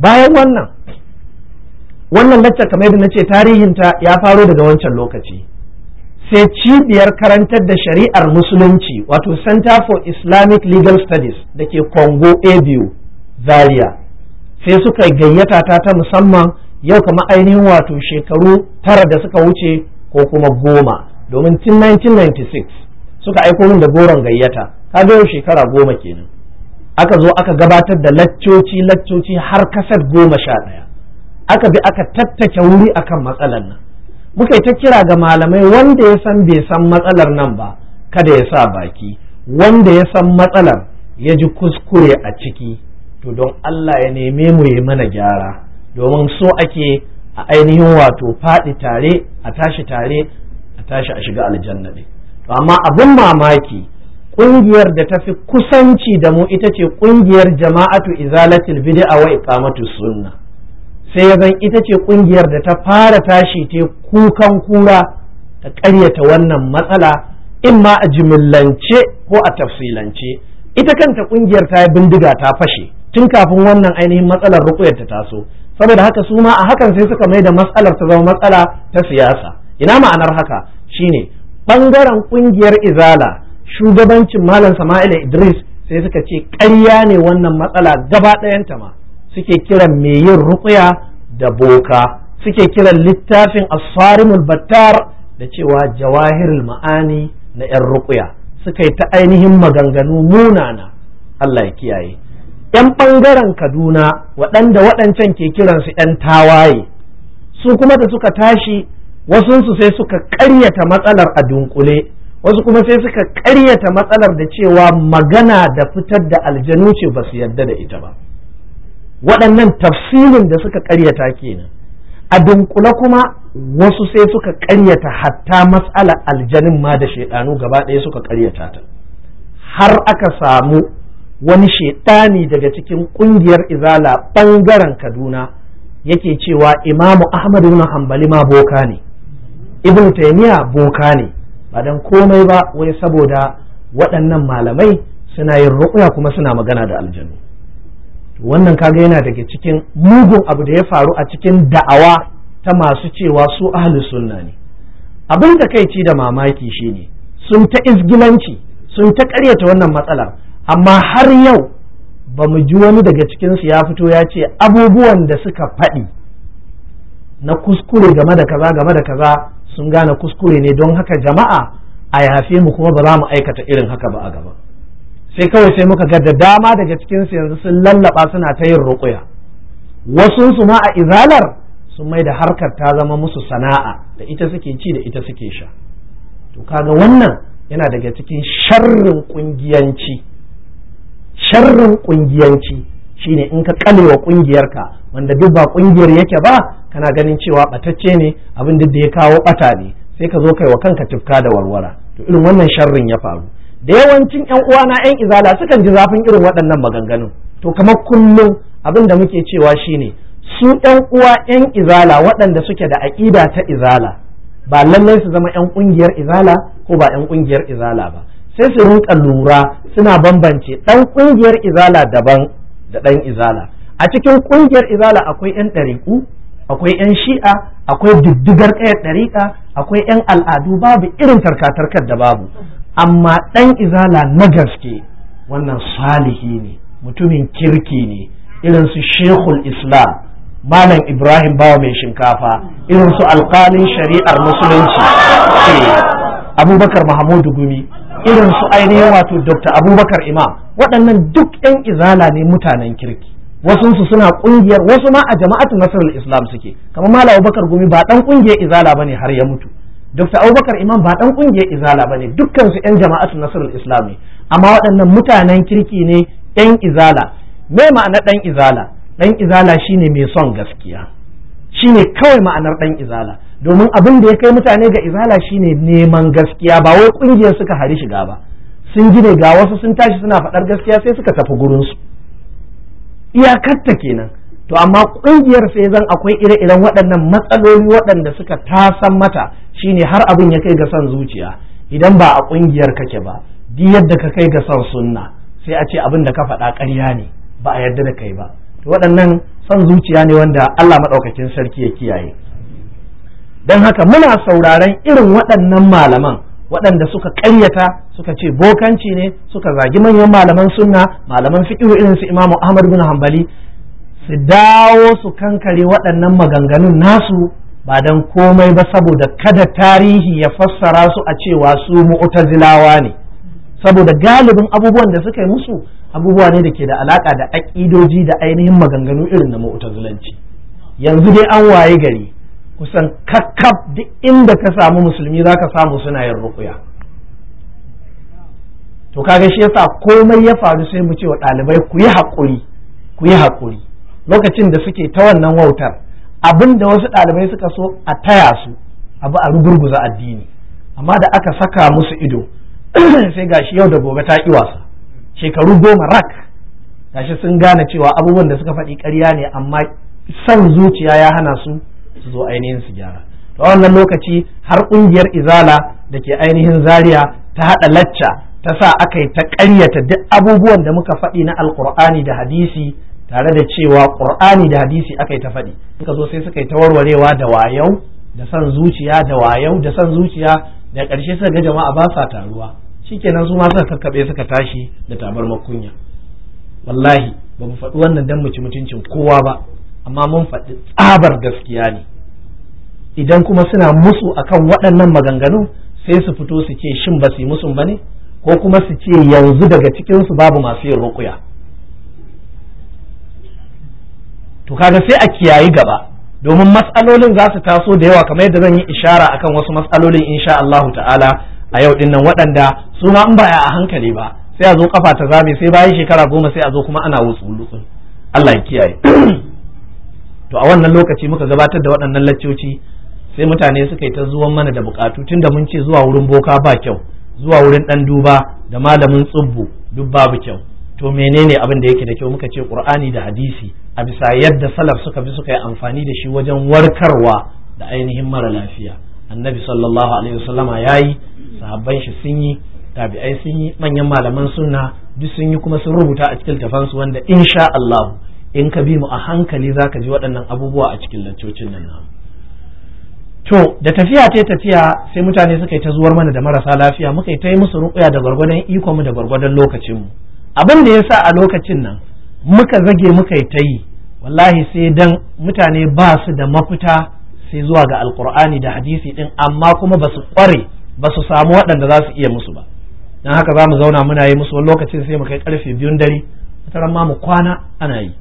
bayan wannan wannan lacca kamar yadda na ce tarihinta ya faro daga wancan lokaci sai cibiyar karantar da shari'ar musulunci wato center for islamic legal studies da ke congo abu zaria sai suka gayyata ta ta musamman yau kamar ainihin wato shekaru tara da suka wuce ko kuma goma domin tun 1996 suka aiko min da goron gayyata kaga yau shekara goma kenan aka zo aka gabatar da laccoci laccoci har kasar goma sha ɗaya aka bi aka tattake wuri akan matsalar nan muka yi ta kira ga malamai wanda ya san bai san matsalar nan ba kada ya sa baki wanda ya san matsalar ya ji kuskure a ciki to don Allah ya neme mu yi mana gyara domin so ake a ainihin wato faɗi tare a tashi tare a tashi a shiga aljanna ne to amma abin mamaki ƙungiyar da ta fi kusanci da mu ita ce ƙungiyar jama'atu izalatul bid'a wa iqamatu sunna sai ya zan ita ce ƙungiyar da ta fara tashi ta kukan kura ta ƙaryata wannan matsala in ma a jimillance ko a tafsilance ita kanta ƙungiyar ta yi bindiga ta fashe tun kafin wannan ainihin matsalar rukuyar ta taso saboda haka su ma a hakan sai suka mai da matsalar ta zama matsala ta siyasa ina ma'anar haka shine ɓangaren ƙungiyar izala shugabancin malam sama'ila idris sai suka ce ƙarya ne wannan matsala gaba ɗayanta ma suke kiran mai yin ruƙuya da boka suke kiran littafin asfarimul battar da cewa jawahirul ma'ani na 'yan ruƙuya suka yi ta ainihin maganganu munana Allah ya kiyaye 'yan ɓangaren kaduna waɗanda waɗancan ke kiransu 'yan tawaye su kuma da suka tashi wasunsu sai suka ƙaryata matsalar a dunkule wasu kuma sai suka karyata matsalar da cewa magana da fitar da aljanu ce ba su yarda da ita ba waɗannan tafsirin da suka ƙaryata kenan a dunkule kuma wasu sai suka ƙaryata hatta matsalar aljanin ma da shaidanu gaba ɗaya suka karyata ta har aka samu wani shaidani daga cikin ƙungiyar izala ɓangaren kaduna yake cewa imamu ahmad ibn hanbali ma boka ne ibn taymiya boka ne ba dan komai ba wai saboda waɗannan malamai suna yin ruƙuya kuma suna magana da aljanu wannan kaga yana daga cikin mugun abu da ya faru a cikin da'awa ta masu cewa su ahli sunna ne abin da kai ci da mamaki shine sun ta izgilanci sun ta ƙaryata wannan matsala amma har yau ba mu ji wani daga cikinsu ya fito ya ce abubuwan da suka faɗi na kuskure game da kaza game da kaza sun gane kuskure ne don haka jama'a a yafe mu kuma ba za mu aikata irin haka ba a gaba sai kawai sai muka ga da dama daga cikin su yanzu sun lallaba suna ta yin ruƙuya wasu su ma a izalar sun mai da harkar ta zama musu sana'a da ita suke ci da ita suke sha to kaga wannan yana daga cikin sharrin kungiyanci sharrin kungiyanci shine in ka kalewa kungiyarka wanda duk ba kungiyar yake ba kana ganin cewa batacce ne abin da ya kawo bata ne sai ka zo kai wa kanka tufka da warwara to irin wannan sharrin ya faru da yawancin yan uwana yan izala sukan ji zafin irin waɗannan maganganun to kamar kullum abin da muke cewa shine su yan uwa yan izala waɗanda suke da aƙida ta izala ba lallai su zama yan ƙungiyar izala ko ba yan ƙungiyar izala ba sai su rinka lura suna bambance ɗan ƙungiyar izala daban da ɗan izala a cikin ƙungiyar izala akwai yan ɗariƙu akwai 'yan shi'a akwai diddigar ƙayar ɗariƙa akwai 'yan al'adu babu irin tarkatarkar da babu amma ɗan izala na gaske wannan salihi ne mutumin kirki ne irin su shekul islam malam ibrahim bawa mai shinkafa irin su alƙalin shari'ar musulunci abubakar mahamudu gumi irin su ainihin wato dr abubakar imam waɗannan duk 'yan izala ne mutanen kirki wasu suna kungiyar wasu ma a jama'atu nasarar islam suke kamar malam abubakar gumi ba dan kungiyar izala bane har ya mutu Dokta abubakar imam ba dan kungiyar izala bane dukkan su yan jama'atu nasarar islam ne amma waɗannan mutanen kirki ne yan izala me ma'ana dan izala dan izala shine mai son gaskiya shine kawai ma'anar dan izala domin abin da ya kai mutane ga izala shine neman gaskiya ba wai kungiyar suka hari shiga ba sun gine ga wasu sun tashi suna faɗar gaskiya sai suka tafi gurinsu iyakarta kenan to amma kungiyar sai zan akwai ire-iren waɗannan matsaloli waɗanda suka tasan mata shine har abin ya kai ga son zuciya idan ba a kungiyar kake ba di yadda ka kai ga son sunna sai a ce abin da ka faɗa ƙarya ne ba a yarda da kai ba to waɗannan son zuciya ne wanda Allah maɗaukakin sarki ya kiyaye don haka muna sauraron irin waɗannan malaman waɗanda suka ƙaryata suka ce bokanci ne suka zagi manyan malaman sunna malaman fiƙiru irin su imamu Ahmad bin hambali su dawo su kankare waɗannan maganganun nasu ba don komai ba saboda kada tarihi ya fassara su a cewa su mu'tazilawa ne saboda galibin abubuwan da suka yi musu abubuwa ne da ke da alaka da aƙidoji da ainihin maganganu irin na mu'tazilanci yanzu dai an waye gari kusan kakkab duk inda ka samu musulmi za ka samu suna yin rukuya to kaga shi yasa komai ya faru sai mu ce wa ɗalibai ku yi haƙuri ku yi haƙuri lokacin da suke ta wannan wautar abin da wasu ɗalibai suka so a taya su abu a rugurguza addini amma da aka saka musu ido sai gashi yau da gobe ta ƙi wasa shekaru goma rak gashi sun gane cewa abubuwan da suka faɗi ƙarya ne amma son zuciya ya hana su su zo ainihin su gyara to wannan lokaci har ƙungiyar izala da ke ainihin zaria ta haɗa lacca ta sa aka yi ta ƙaryata duk abubuwan da muka faɗi na Alƙur'ani da hadisi tare da cewa ƙur'ani da hadisi aka yi ta faɗi suka zo sai suka yi ta warwarewa da wayau da san zuciya da wayau da san zuciya da ƙarshe suka ga jama'a ba sa taruwa shikenan su ma suka kakkaɓe suka tashi da tabar makunya wallahi ba mu faɗi wannan dan mu ci mutuncin kowa ba amma mun faɗi tsabar gaskiya ne idan kuma suna musu akan waɗannan maganganu sai su fito su ce shin ba su yi musun ba ne ko kuma su ce yanzu daga cikinsu babu masu yin rukuya to kaga sai a kiyayi gaba domin matsalolin za su taso da yawa kamar yadda zan yi ishara akan wasu matsalolin insha Allah ta'ala a yau dinnan waɗanda su ma in ba a hankali ba sai a zo kafa ta zame sai bayan shekara goma sai a zo kuma ana wutsu Allah ya kiyaye to a wannan lokaci muka gabatar da waɗannan laccoci sai mutane suka yi ta zuwan mana da bukatu tunda mun ce zuwa wurin boka ba kyau zuwa wurin dan duba da malamin tsubbu duk babu kyau to menene abin da yake da kyau muka ce qur'ani da hadisi a bisa yadda salaf suka bi suka yi amfani da shi wajen warkarwa da ainihin mara lafiya annabi sallallahu alaihi wasallama yayi sahabban shi sun yi tabi'ai sun yi manyan malaman sunna duk sun yi kuma sun rubuta a cikin tafansu wanda insha Allah in ka bi mu a hankali zaka ji waɗannan abubuwa a cikin lantocin nan namu to da tafiya ta tafiya sai mutane suka yi ta zuwar mana da marasa lafiya muka yi ta yi musu ruƙuya da gwargwadon iko mu da gwargwadon lokacin mu abin da yasa a lokacin nan muka zage muka yi ta yi wallahi sai dan mutane ba su da mafita sai zuwa ga alkur'ani da hadisi din amma kuma ba su kware ba su samu waɗanda za su iya musu ba dan haka za mu zauna muna yi musu wani lokacin sai mu kai karfe biyun dare wata ma mu kwana ana yi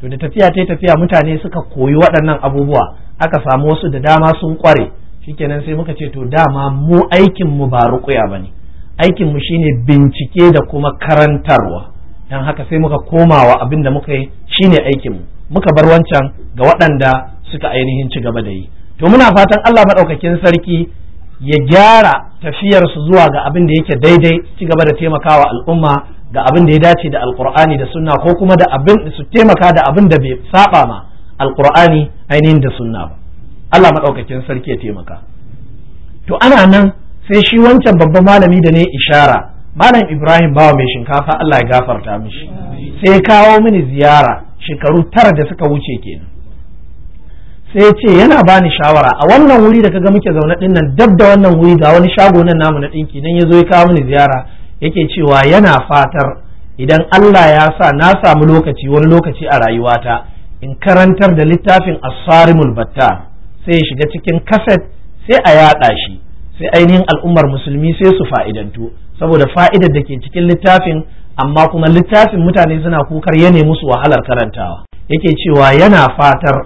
to da tafiya ta tafiya mutane suka koyi waɗannan abubuwa aka samu wasu da dama sun kware shikenan sai muka ce to dama mu aikin mu ba ruƙuya bane aikin mu shine bincike da kuma karantarwa dan haka sai muka komawa abin da muka yi shine aikin mu muka bar wancan ga waɗanda suka ainihin ci gaba da yi to muna fatan Allah madaukakin sarki ya gyara tafiyarsu zuwa ga abin da yake daidai ci gaba da taimakawa al'umma ga abin da ya dace da alkur'ani da sunna ko kuma da abin su taimaka da abin da bai saba ma Alkur'ani ainihin da sunna ba Allah madaukakin sarki ya taimaka to ana nan sai shi wancan babban malami da ne ishara malam ibrahim bawa mai shinkafa Allah ya gafarta mishi sai kawo mini ziyara shekaru tara da suka wuce kenan sai ce yana bani shawara a wannan wuri da kaga muke zaune din nan dab da wannan wuri ga wani shago nan namu na dinki nan yazo ya kawo mini ziyara yake cewa yana fatar idan Allah ya sa na samu lokaci wani lokaci a rayuwata in karantar da littafin asarimul batta sai ya shiga cikin kaset sai a yaɗa shi sai ainihin al'ummar musulmi sai su fa'idantu saboda fa'idar da ke cikin littafin amma kuma littafin mutane suna kukar ya musu wahalar karantawa yake cewa yana fatar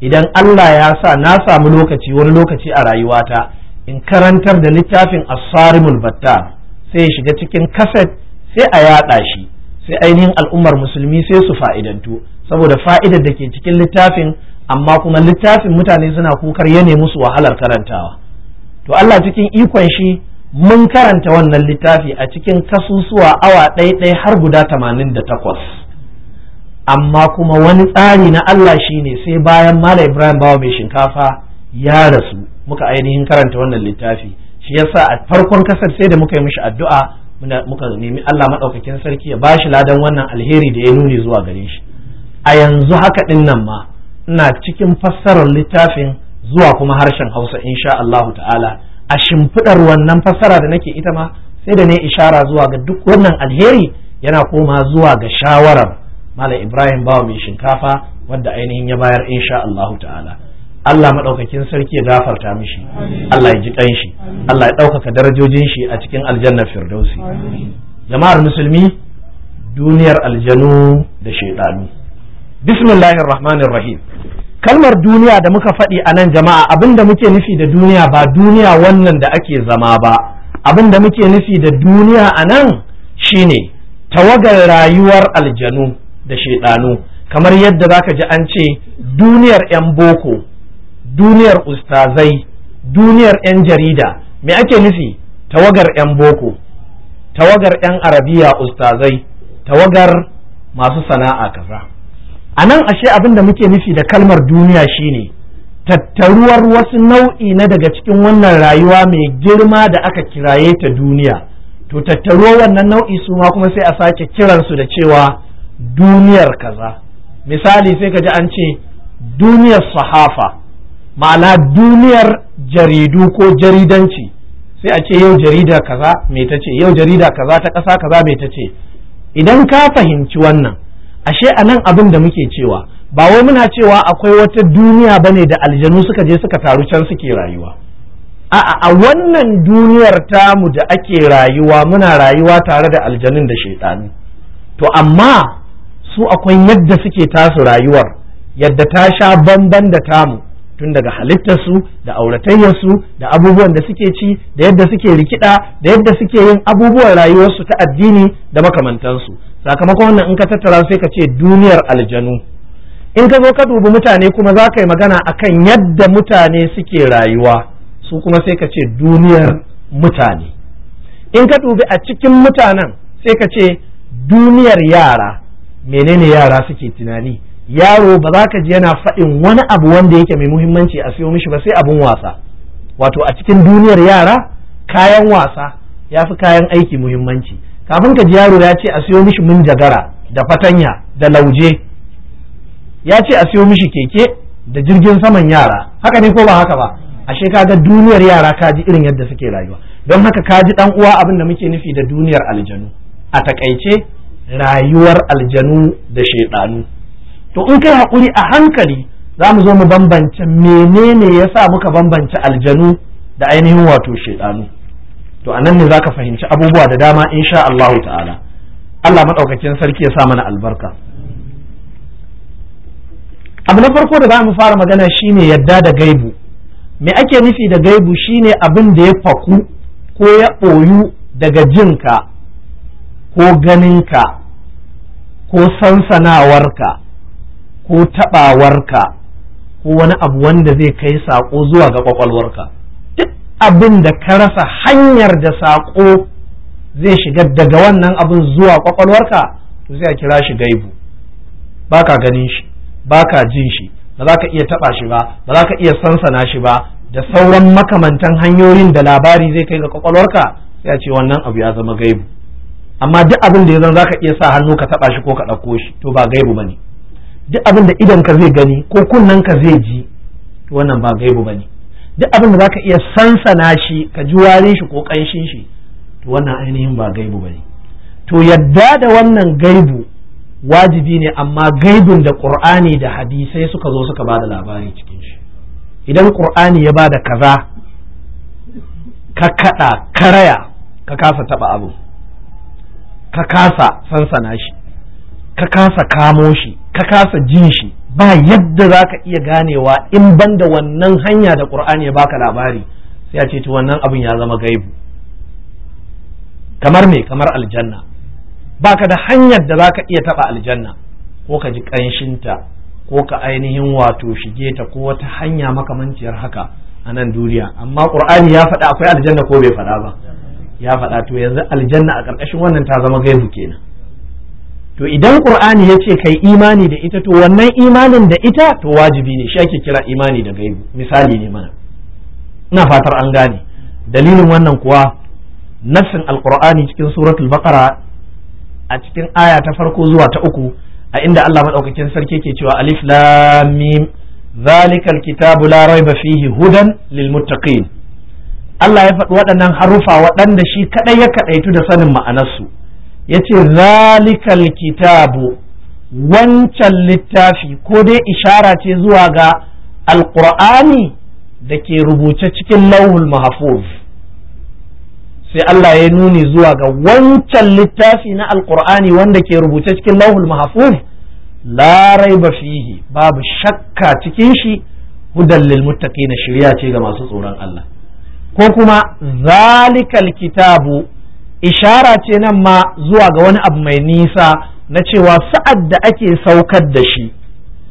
idan Allah ya sa na samu lokaci wani lokaci a rayuwata in karantar da littafin asarimul batta sai ya shiga cikin kaset sai a yaɗa shi sai ainihin al'ummar musulmi sai su fa'idantu saboda fa'idar da ke cikin littafin amma kuma littafin mutane suna kukar ya musu wahalar karantawa to Allah cikin ikon shi mun karanta wannan littafi a cikin kasusuwa awa ɗaiɗai har guda tamanin da takwas amma kuma wani tsari na Allah shi ne sai bayan Malam Ibrahim Bawa mai shinkafa ya rasu muka ainihin karanta wannan littafi shi yasa a farkon kasar sai da muka yi mishi addu'a muka nemi Allah madaukakin sarki ya bashi ladan wannan alheri da ya nuni zuwa gare shi a yanzu haka ɗin nan ma ina cikin fassarar littafin zuwa kuma harshen hausa insha Allah ta'ala a shimfiɗar wannan fassara da nake ita ma sai da ne ishara zuwa ga duk wannan alheri yana koma zuwa ga shawarar malam ibrahim bawa mai shinkafa wadda ainihin ya bayar insha Allah ta'ala Allah maɗaukakin sarki ya gafarta mishi Allah ya ji ɗan shi Allah ya ɗaukaka darajojin shi a cikin aljanna firdausi jama'ar musulmi duniyar aljanu da shaiɗanu bismillahir rahmanir rahim kalmar duniya da muka faɗi a nan jama'a abin da muke nufi da duniya ba duniya wannan da ake zama ba abin da muke nufi da duniya a nan shine tawagar rayuwar aljanu da shaidanu kamar yadda zaka ji an ce duniyar 'yan boko duniyar ustazai duniyar 'yan jarida me ake nufi tawagar 'yan boko tawagar 'yan arabiya ustazai tawagar masu sana'a kaza a nan ashe abin da muke nufi da kalmar duniya shine tattaruwar wasu nau'i na daga cikin wannan rayuwa mai girma da aka kiraye ta duniya to tattaruwar wannan nau'i su ma kuma sai a sake kiransu da cewa duniyar kaza misali sai ka ji an ce duniyar sahafa ma'ana duniyar jaridu ko jaridanci sai a ce yau jarida kaza me ta ce yau jarida kaza ta ƙasa kaza me ta ce idan ka fahimci wannan ashe a nan abin da muke cewa ba wai muna cewa akwai wata duniya bane da aljanu suka je suka taru can suke rayuwa a'a a wannan duniyar tamu da ake rayuwa muna rayuwa tare da aljanun da shaitani to amma su akwai yadda suke tasu rayuwar yadda ta sha bamban da tamu tun daga halittarsu da auratayyarsu da abubuwan da suke ci da yadda suke rikida da yadda suke yin abubuwan rayuwarsu ta addini da makamantansu sakamakon wannan in ka tattara sai ka ce duniyar aljanu in ka zo ka dubi mutane kuma za ka yi magana a kan yadda mutane suke rayuwa su kuma sai ka ce duniyar mutane in ka dubi a cikin mutanen sai ka ce duniyar yara menene yara suke tunani yaro ba za ka ji yana faɗin wani abu wanda yake mai muhimmanci a siyo mishi ba sai abin wasa wato a cikin duniyar yara kayan wasa ya fi kayan aiki muhimmanci kafin ka ji yaro ya ce a siyo mishi minjagara da fatanya da lauje ya ce a siyo mishi keke da jirgin saman yara haka ne ko ba haka ba ashe ga duniyar yara ka ji irin yadda suke rayuwa don haka ka ji dan uwa abin da muke nufi da duniyar aljanu a takaice rayuwar aljanu da shaidanu to in kai hakuri a hankali za mu zo mu bambance menene yasa muka bambance aljanu da ainihin wato shaidanu to a nan ne zaka fahimci abubuwa da dama insha Allah ta'ala Allah madaukakin sarki ya sa mana albarka abu na farko da za mu fara magana shine yadda da gaibu me ake nufi da gaibu shine abin da ya faku ko ya ɓoyu daga jinka ko ganinka ko sansanawarka ko taɓawarka ko wani abu wanda zai kai saƙo zuwa ga ƙwaƙwalwarka abin da ka rasa hanyar da saƙo zai shiga daga wannan abin zuwa kwakwalwarka to sai a kira shi gaibu ba ka ganin shi ba ka jin shi ba za ka iya taɓa shi ba ba za ka iya sansana shi ba da sauran makamantan hanyoyin da labari zai kai ga kwakwalwarka sai a ce wannan abu ya zama gaibu amma duk abin da ya zan ka iya sa hannu ka taba shi ko ka ɗauko shi to ba gaibu ba ne, duk abin da idan ka zai gani ko kunnen ka zai ji to wannan ba gaibu ba ne. duk abin da zaka iya sansana shi ka ji warin shi ko ƙanshin shi to wannan ainihin ba gaibu ba ne. to yadda da wannan gaibu wajibi ne amma gaibun da ƙur'ani da hadisai suka zo suka ba da labari cikin shi idan ƙur'ani ya bada kaza ka kaɗa karaya ka kasa taɓa abu ka kasa sansana shi ka kasa kamo shi ka kasa jin shi ba yadda za ka iya ganewa in ban da wannan hanya da ƙur'ani ya baka labari sai a ce ta wannan abin ya zama gaibu kamar me kamar aljanna baka da hanyar da za ka iya taɓa aljanna ko ka ji ƙanshinta ko ka ainihin wato shige ta ko wata hanya makamanciyar haka a nan duniya amma ƙur'ani ya faɗa akwai aljanna ko bai faɗa ba ya faɗa to yanzu aljanna a ƙarƙashin wannan ta zama gaibu kenan to idan qur'ani ya ce kai imani da ita to wannan imanin da ita to wajibi ne shi ake kira imani da gaibi misali ne mana ina fatar an gane dalilin wannan kuwa nafsin alqur'ani cikin suratul baqara a cikin aya ta farko zuwa ta uku a inda Allah madaukakin sarki ke cewa alif lam mim zalikal kitabu la rayba fihi hudan lil Allah ya faɗi waɗannan harufa waɗanda shi kaɗai ya kaɗaitu da sanin ma'anarsu ya ce zalikal kitabu wancan littafi ko dai ishara ce zuwa ga Alƙur'ani da ke rubuce cikin lauhul mahfuz sai Allah ya nuni zuwa ga wancan littafi na Alƙur'ani wanda ke rubuce cikin lauhul mahfuz la ba fihi babu shakka cikin shi hudan lil na shirya ce ga masu tsoron Allah ko kuma zalikal kitabu ishara ce nan ma zuwa ga wani abu mai nisa na cewa sa'ad da ake saukar da shi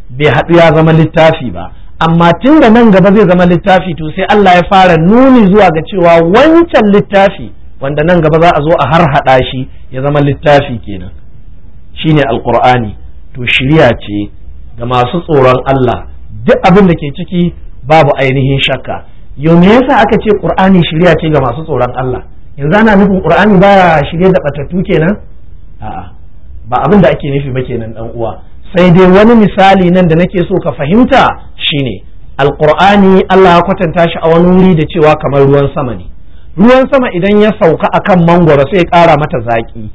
bai haɗu ya zama littafi ba amma tun da nan gaba zai zama littafi to sai Allah ya fara nuni zuwa ga cewa wancan littafi wanda nan gaba za a zo a har haɗa shi ya zama littafi kenan shine Alƙur'ani. to shirya ce ga masu tsoron Allah duk abin da ke ciki babu ainihin shakka yau me yasa aka ce ƙur'ani shirya ce ga masu tsoron Allah yanzu ana nufin qur'ani ya shirye da batattu kenan a'a ba abin da ake nufi ba kenan dan uwa sai dai wani misali nan da nake so ka fahimta shine alqur'ani Allah ya kwatanta shi a wani wuri da cewa kamar ruwan sama ne ruwan sama idan ya sauka akan mangoro sai ya ƙara mata zaƙi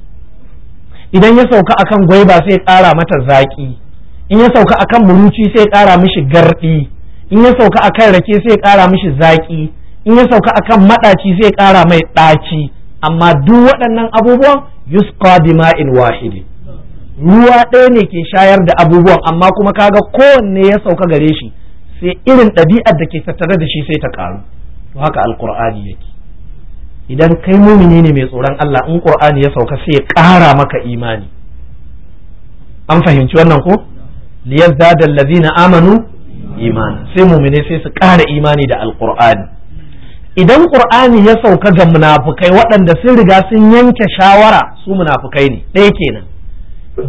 idan ya sauka akan gwaiba sai ya ƙara mata zaƙi in ya sauka akan muruci sai ya ƙara mishi garɗi in ya sauka akan rake sai ya ƙara mishi zaƙi in ya sauka akan madaci zai ƙara mai ɗaci amma duk waɗannan abubuwan yusqa bima'in wahidi ruwa ɗaya ne ke shayar da abubuwan amma kuma kaga kowanne ya sauka gare shi sai irin ɗabi'ar da ke tattare da shi sai ta karu to haka alqur'ani yake idan kai mumini ne mai tsoron Allah in qur'ani ya sauka sai ya kara maka imani an fahimci wannan ko da allazina amanu iman sai mumini sai su ƙara imani da alqur'ani idan ƙur'ani ya sauka ga munafukai waɗanda sun riga sun yanke shawara su munafukai ne ɗaya kenan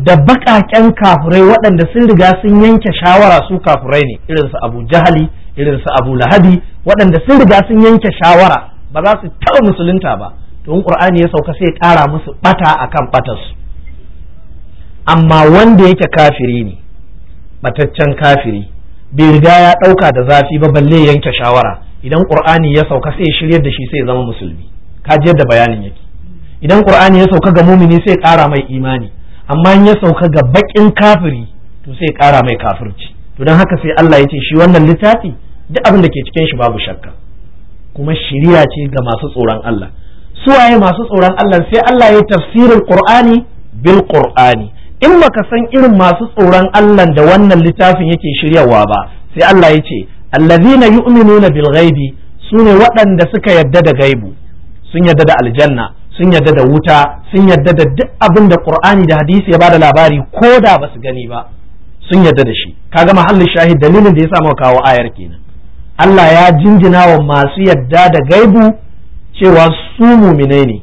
da baƙaƙen kafurai waɗanda sun riga sun yanke shawara su kafurai ne irin su abu jahali irin su abu lahabi waɗanda sun riga sun yanke shawara ba za su taɓa musulunta ba to in ƙur'ani ya sauka sai ƙara musu ɓata akan su, amma wanda yake kafiri ne bataccen kafiri bai riga ya ɗauka da zafi ba balle yanke shawara idan qur'ani ya sauka sai ya shiryar da shi sai ya zama musulmi ka ji yadda bayanin yake idan qur'ani ya sauka ga mumini sai kara mai imani amma in ya sauka ga baƙin kafiri to sai ƙara mai kafirci to don haka sai Allah ya ce shi wannan littafi duk abin da ke cikin shi babu shakka kuma shiriya ce ga masu tsoron Allah su waye masu tsoron Allah sai Allah ya tafsirin Qur'ani bil Qur'ani in baka san irin masu tsoron Allah da wannan littafin yake shiryawa ba sai Allah ya ce allazina yu'minuna bil ghaibi sune waɗanda suka yadda da gaibu sun yadda da aljanna sun yadda da wuta sun yadda da duk abin da qur'ani da hadisi ya bada labari ko da basu gani ba sun yadda da shi kaga mahallin shahid dalilin da ya sa kawo ayar kenan Allah ya jinjina wa masu yadda da gaibu cewa su muminai ne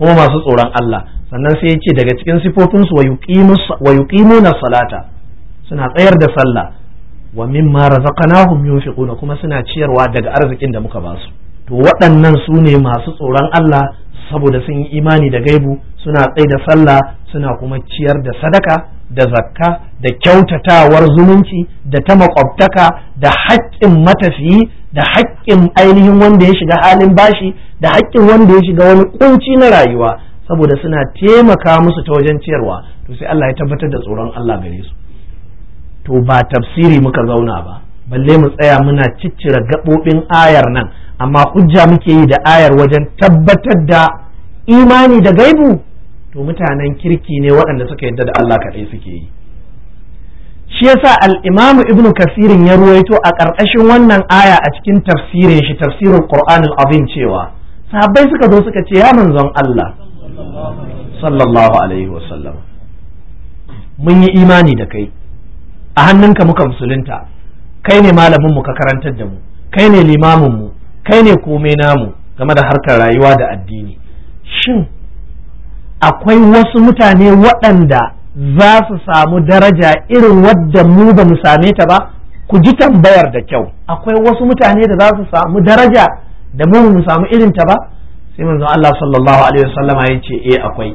kuma masu tsoron Allah sannan sai ya ce daga cikin sifofinsu wa yuqimuna salata suna tsayar da sallah wa mimma razaqnahum yunfiquna kuma suna ciyarwa daga arzikin da muka basu to waɗannan su ne masu tsoron Allah saboda sun yi imani da gaibu suna tsaye da sallah suna kuma ciyar da sadaka da zakka da kyautatawar zumunci da ta makwabtaka da haƙƙin matafiyi da haƙƙin ainihin wanda ya shiga halin bashi da haƙƙin wanda ya shiga wani kunci na rayuwa saboda suna taimaka musu ta wajen ciyarwa to sai Allah ya tabbatar da tsoron Allah gare su to ba tafsiri muka zauna ba balle mu tsaya muna ciccire gaɓoɓin ayar nan amma hujja muke yi da ayar wajen tabbatar da imani da gaibu to mutanen kirki ne waɗanda suka yadda da Allah kaɗai suke yi shi yasa al-imamu ibnu kasirin ya ruwaito a ƙarƙashin wannan aya a cikin tafsirin shi tafsirin qur'anul azim cewa sahabbai suka zo suka ce ya manzon Allah sallallahu alaihi wasallam mun yi imani da kai a hannunka muka musulunta kai ne malamin mu ka karantar da mu kai ne limamin mu kai ne komai namu game da harkar rayuwa da addini shin akwai wasu mutane waɗanda za su samu daraja irin wadda mu ba mu same ta ba ku ji tambayar da kyau akwai wasu mutane da za su samu daraja da mu mu samu irin ta ba sai manzon Allah sallallahu alaihi wasallama ya ce eh akwai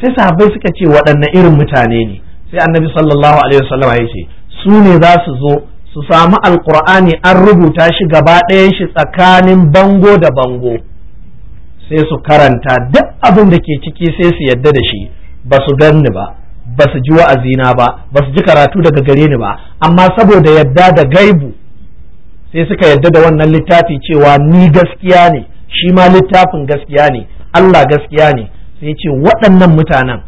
sai sahabbai suka ce waɗanne irin mutane ne sai annabi sallallahu alaihi wasallam ya ce su ne za su zo su samu alqur'ani an rubuta shi gaba ɗayan shi tsakanin bango da bango sai su karanta duk abin da ke ciki sai su yadda da shi ba su ganni ba ba su ji wa'azina ba ba su ji karatu daga gare ni ba amma saboda yadda da gaibu sai suka yadda da wannan littafi cewa ni gaskiya ne shi ma littafin gaskiya ne Allah gaskiya ne sai ce waɗannan mutanen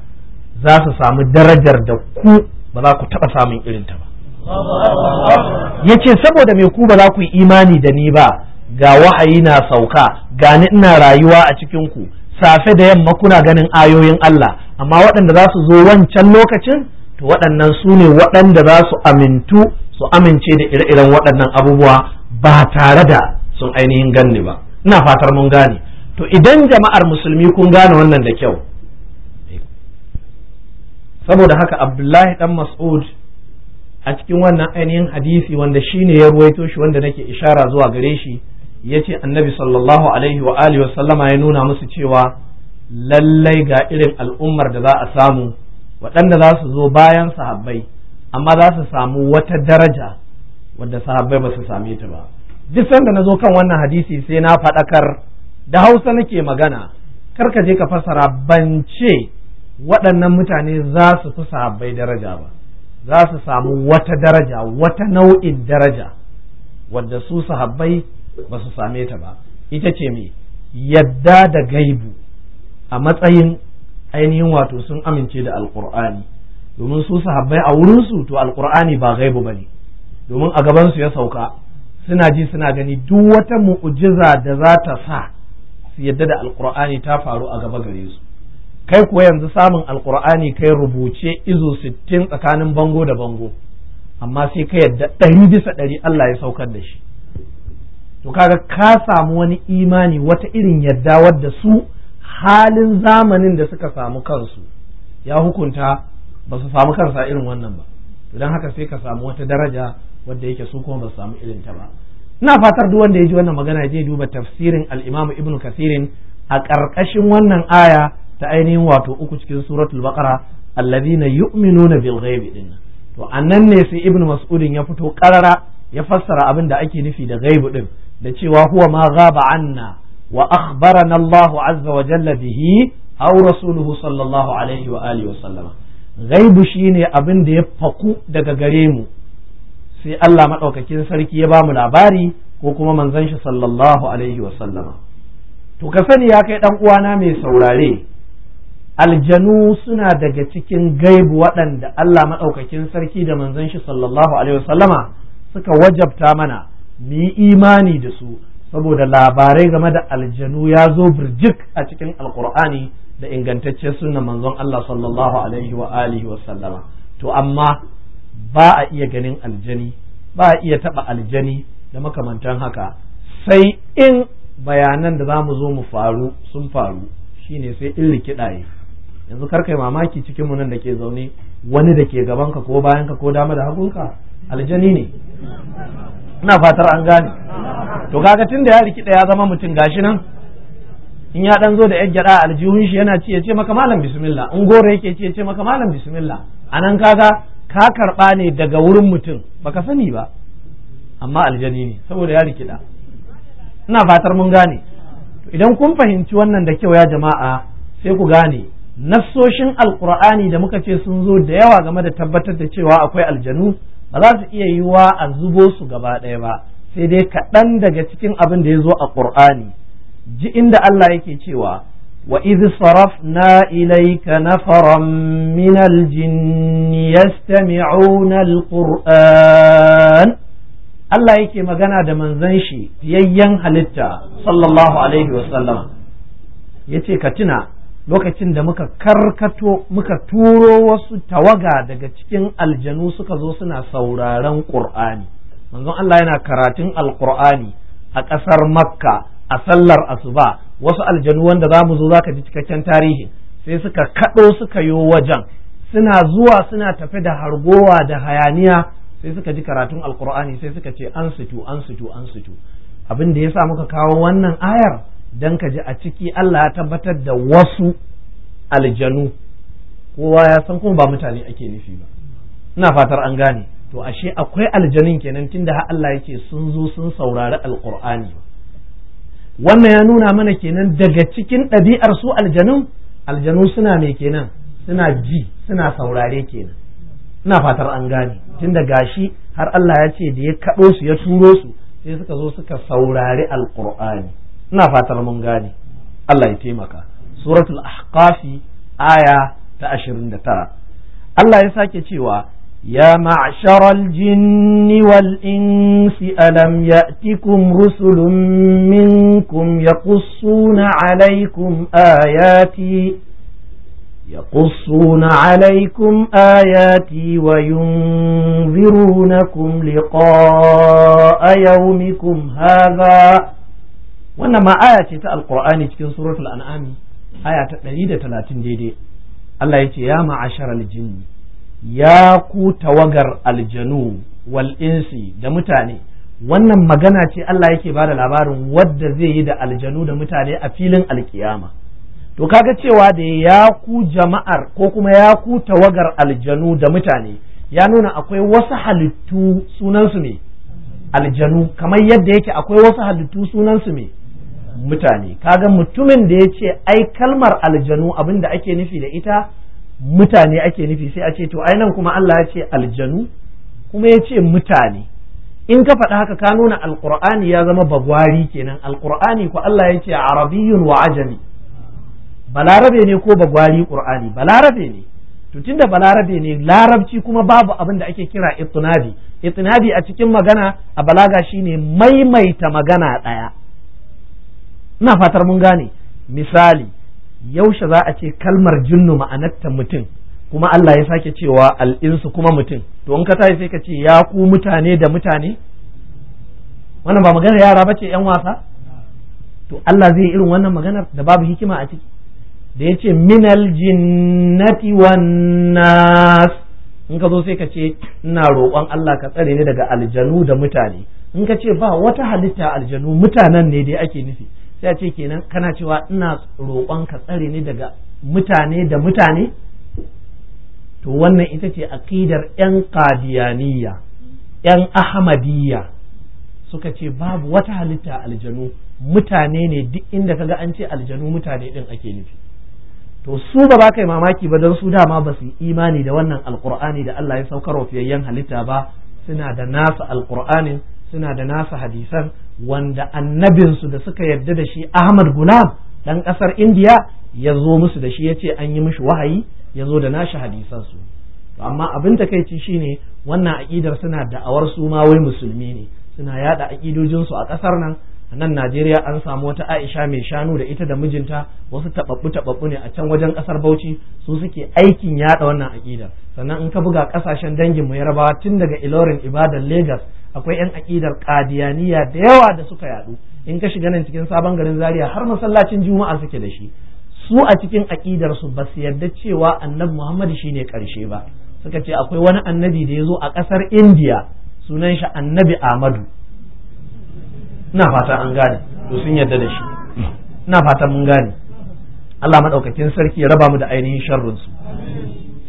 za su samu darajar da ku ba za ku taɓa samun irin ta ba ya ce saboda me ku ba za ku yi imani da ni ba ga wahayi na sauka ga ni ina rayuwa a cikin ku safe da yamma kuna ganin ayoyin Allah amma waɗanda za su zo wancan lokacin to waɗannan su ne waɗanda za su amintu su amince da ire-iren waɗannan abubuwa ba tare da sun ainihin ganni ba ina fatar mun gane to idan jama'ar musulmi kun gane wannan da kyau saboda haka abdullahi dan mas'ud a cikin wannan ainihin hadisi wanda shine ya ruwaito shi wanda nake ishara zuwa gare shi yace annabi sallallahu alaihi wa alihi wasallama ya nuna musu cewa lallai ga irin al'ummar da za a samu waɗanda za su zo bayan sahabbai amma za su samu wata daraja wadda sahabbai ba su same ta ba duk sanda na zo kan wannan hadisi sai na faɗakar da hausa nake magana kar ka je ka fassara ban ce waɗannan mutane za su fi sahabbai daraja ba za su samu wata daraja wata nau'in daraja wadda su sahabbai ba su same ta ba ita ce mai yadda da gaibu a matsayin ainihin wato sun amince da alkur'ani domin su sahabbai a wurinsu to alkur'ani ba gaibu ba ne domin a gabansu ya sauka suna ji suna gani duk wata mu'ujiza da za ta sa su yadda da alkur'ani ta faru a gaba gare su kai kuwa yanzu samun alkur'ani kai rubuce izo sittin tsakanin bango da bango amma sai ka yadda ɗari bisa ɗari Allah ya saukar da shi to kaga ka samu wani imani wata irin yadda wadda su halin zamanin da suka samu kansu ya hukunta ba su samu kansa irin wannan ba to don haka sai ka samu wata daraja wadda yake su kuma ba su samu irin ta ba ina fatar duk wanda ya ji wannan magana ya je duba tafsirin al-Imam Ibn kasirin a ƙarƙashin wannan aya ta ainihin wato uku cikin suratul baqara alladhina yu'minuna bil ghaibi din to annan ne sai ibnu mas'udin ya fito karara ya fassara abin da ake nufi da gaibu din da cewa huwa ma ghaba anna wa akhbarana Allahu azza wa jalla bihi aw rasuluhu sallallahu alaihi wa alihi wa sallama ghaibu shine abin da ya faku daga gare mu sai Allah madaukakin sarki ya bamu labari ko kuma manzon shi sallallahu alaihi wa sallama to ka sani ya kai dan uwana mai saurare aljanu suna daga cikin gaibu waɗanda Allah maɗaukakin sarki da manzon shi sallallahu alaihi wasallama suka wajabta mana mu yi imani da su saboda labarai game da aljanu ya zo birjik a cikin alkur'ani da ingantaccen sunan manzon Allah sallallahu alaihi wa alihi wasallama to amma ba a iya ganin aljani ba a iya taɓa aljani da makamantan haka sai in bayanan da za mu zo mu faru sun faru shine sai in rikiɗaye yanzu kar kai mamaki cikin mu nan da ke zaune wani da ke gaban ka ko bayan ka ko dama da hagunka aljani ne ina fatar an gane to kaga da ya rikida ya zama mutum gashi nan in ya dan zo da yar gyada aljihun shi yana ci ya ce maka malam bismillah in gore yake ci ya ce maka malam bismillah anan kaga ka karba ne daga wurin mutum baka sani ba amma aljani ne saboda ya rikida ina fatar mun gane idan kun fahimci wannan da kyau ya jama'a sai ku gane nassoshin alkur'ani da muka ce sun zo da yawa game da tabbatar da cewa akwai aljanu ba za su iya yiwuwa a zubo su gaba ɗaya ba sai dai kaɗan daga cikin abin da ya zo a ƙur'ani ji inda Allah yake cewa wa idh sarafna ilayka nafaran min aljin yastami'una alqur'an Allah yake magana da manzon shi yayyan halitta sallallahu alaihi wa sallam yace ka tuna lokacin da muka karkato muka turo wasu tawaga daga cikin aljanu suka zo suna sauraron ƙur'ani manzon Allah yana karatun alƙur'ani a ƙasar makka a sallar asuba wasu aljanu wanda za mu zo za ji cikakken tarihi sai suka kaɗo suka yo wajen suna zuwa suna tafi da hargowa da hayaniya sai suka ji karatun alƙur'ani sai suka ce an sutu an sutu an sutu abin da ya sa muka kawo wannan ayar don ka ji a ciki Allah ya tabbatar da wasu aljanu kowa ya san kuma ba mutane ake nufi ba ina fatar an gane to ashe akwai aljanin kenan tunda har Allah yake sun zo sun saurari alqur'ani wannan ya nuna mana kenan daga cikin ɗabi'ar su aljanun aljanu suna mai kenan suna ji suna saurare kenan ina fatar an gane tunda gashi har Allah ya ce da ya kaɗo su ya turo su sai suka zo suka saurari alqur'ani ina fatar mun gane Allah ya taimaka suratul ahqafi aya ta 29 Allah ya sake cewa ya ma'sharal jinni wal insi alam ya'tikum rusulun minkum yaqussuna alaykum ayati يقصون عليكم آياتي وينذرونكم لقاء يومكم هذا wannan ma aya ce ta alqur'ani cikin suratul an'ami aya ta 130 daidai Allah ya ce ya ma'ashar aljinni ya ku tawagar aljanu wal insi da mutane wannan magana ce Allah yake ba da labarin wadda zai yi da aljanu da mutane a filin alkiyama to kaga cewa da ya ku jama'ar ko kuma ya ku tawagar aljanu da mutane ya nuna akwai wasu halittu sunansu ne aljanu kamar yadda yake akwai wasu halittu sunansu ne mutane kaga mutumin da ya ce ai kalmar aljanu abin da ake nufi da ita mutane ake nufi sai a ce to ai nan kuma Allah ya ce aljanu kuma ya ce mutane in ka faɗi haka ka nuna alƙur'ani ya zama bagwari kenan alƙur'ani ko Allah ya ce arabiyyun wa ajami balarabe ne ko bagwari ƙur'ani balarabe ne to tunda balarabe ne larabci kuma babu abin da ake kira itnadi Itsinabi a cikin magana a balaga shine maimaita magana ɗaya ina fatar mun gane misali yaushe za a ce kalmar jinnu ma'anarta mutum kuma Allah ya sake cewa al'insu kuma mutum to in ka tashi sai ka ce ya ku mutane da mutane wannan ba magana yara bace yan wasa to Allah zai irin wannan maganar da babu hikima a ciki da ya ce minal jinnati wan nas in ka zo sai ka ce ina roƙon Allah ka tsare ni daga aljanu da mutane in ka ce ba wata halitta aljanu mutanen ne dai ake nufi sai ce kenan kana cewa ina roƙon ka tsare ni daga mutane da mutane to wannan ita ce aqidar yan qadiyaniya yan ahmadiyya suka ce babu wata halitta aljanu mutane ne duk inda kaga an ce aljanu mutane din ake nufi to su ba ba kai mamaki ba don su dama ba su yi imani da wannan alqur'ani da Allah ya saukar wa fiyayyen halitta ba suna da nasu alqur'anin suna da nasa hadisan wanda annabinsu da suka yarda da shi Ahmad Gulam dan kasar India ya zo musu da shi yace an yi mishi wahayi ya zo da nashi hadisan su amma abin takeici shine wannan aqidar suna da'awar su ma wai musulmi ne suna yada aqidojin su a kasar nan a nan Najeriya an samu wata Aisha mai shanu da ita da mijinta wasu tababbu tababbu ne a can wajen kasar Bauchi su suke aikin yada wannan aqidar sannan in ka buga kasashen dangin mu Yarabawa tun daga Ilorin Ibadan Lagos akwai yan aƙidar qadiyaniya da yawa da suka yadu in ka shiga nan cikin sabon garin zaria har masallacin juma'a suke da shi su a cikin aƙidar su ba su yarda cewa annabi muhammad shine karshe ba suka ce akwai wani annabi da ya zo a ƙasar India sunan shi annabi ahmadu na fata an gane to sun yarda da shi na fata mun gane Allah maɗaukakin sarki ya raba mu da ainihin sharrunsu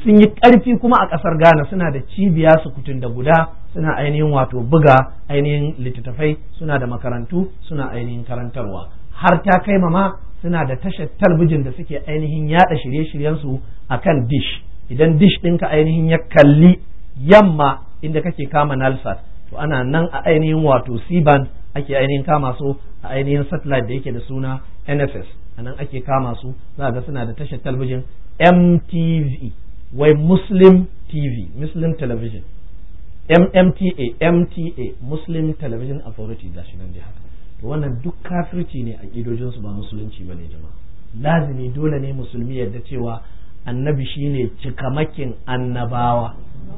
sun yi ƙarfi kuma a ƙasar Ghana suna da cibiya su kutun da guda suna ainihin wato buga ainihin littattafai suna da makarantu suna ainihin karantarwa har ta kai mama suna da tashar talbijin da suke ainihin yada shirye-shiryensu a kan dish idan dish ɗinka ainihin ya kalli yamma inda kake kama nalsat to ana nan a ainihin wato siban ake ainihin kama su a ainihin satellite da yake da suna nfs a nan ake kama su za ga suna da tashar talbijin mtv wai muslim tv muslim television MMTA MTA Muslim Television Authority da shi nan jihar to wannan duk kafirci ne a kidojin su ba musulunci bane jama'a lazimi dole ne musulmi yadda cewa annabi shine cikamakin annabawa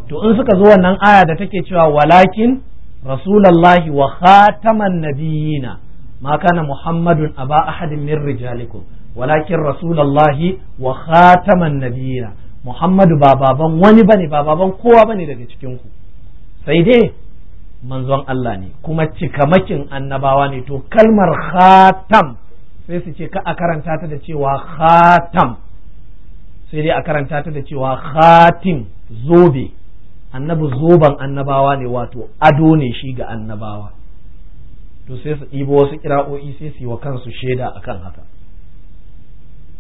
to in suka zo wannan aya da take cewa walakin rasulullahi wa khataman nabiyina ma kana muhammadun aba ahadin min rijalikum walakin rasulullahi wa khataman nabiyina muhammadu ba baban wani bane ba baban kowa bane daga cikin ku sai dai manzon Allah ne kuma cikamakin annabawa ne to kalmar khatam sai su ce ka a karanta ta da cewa khatam sai dai a karanta ta da cewa khatim zobe annabi zoben annabawa ne wato ado ne shi ga annabawa to sai su ɗibo wasu kira'o'i sai su yi wa kansu shaida akan haka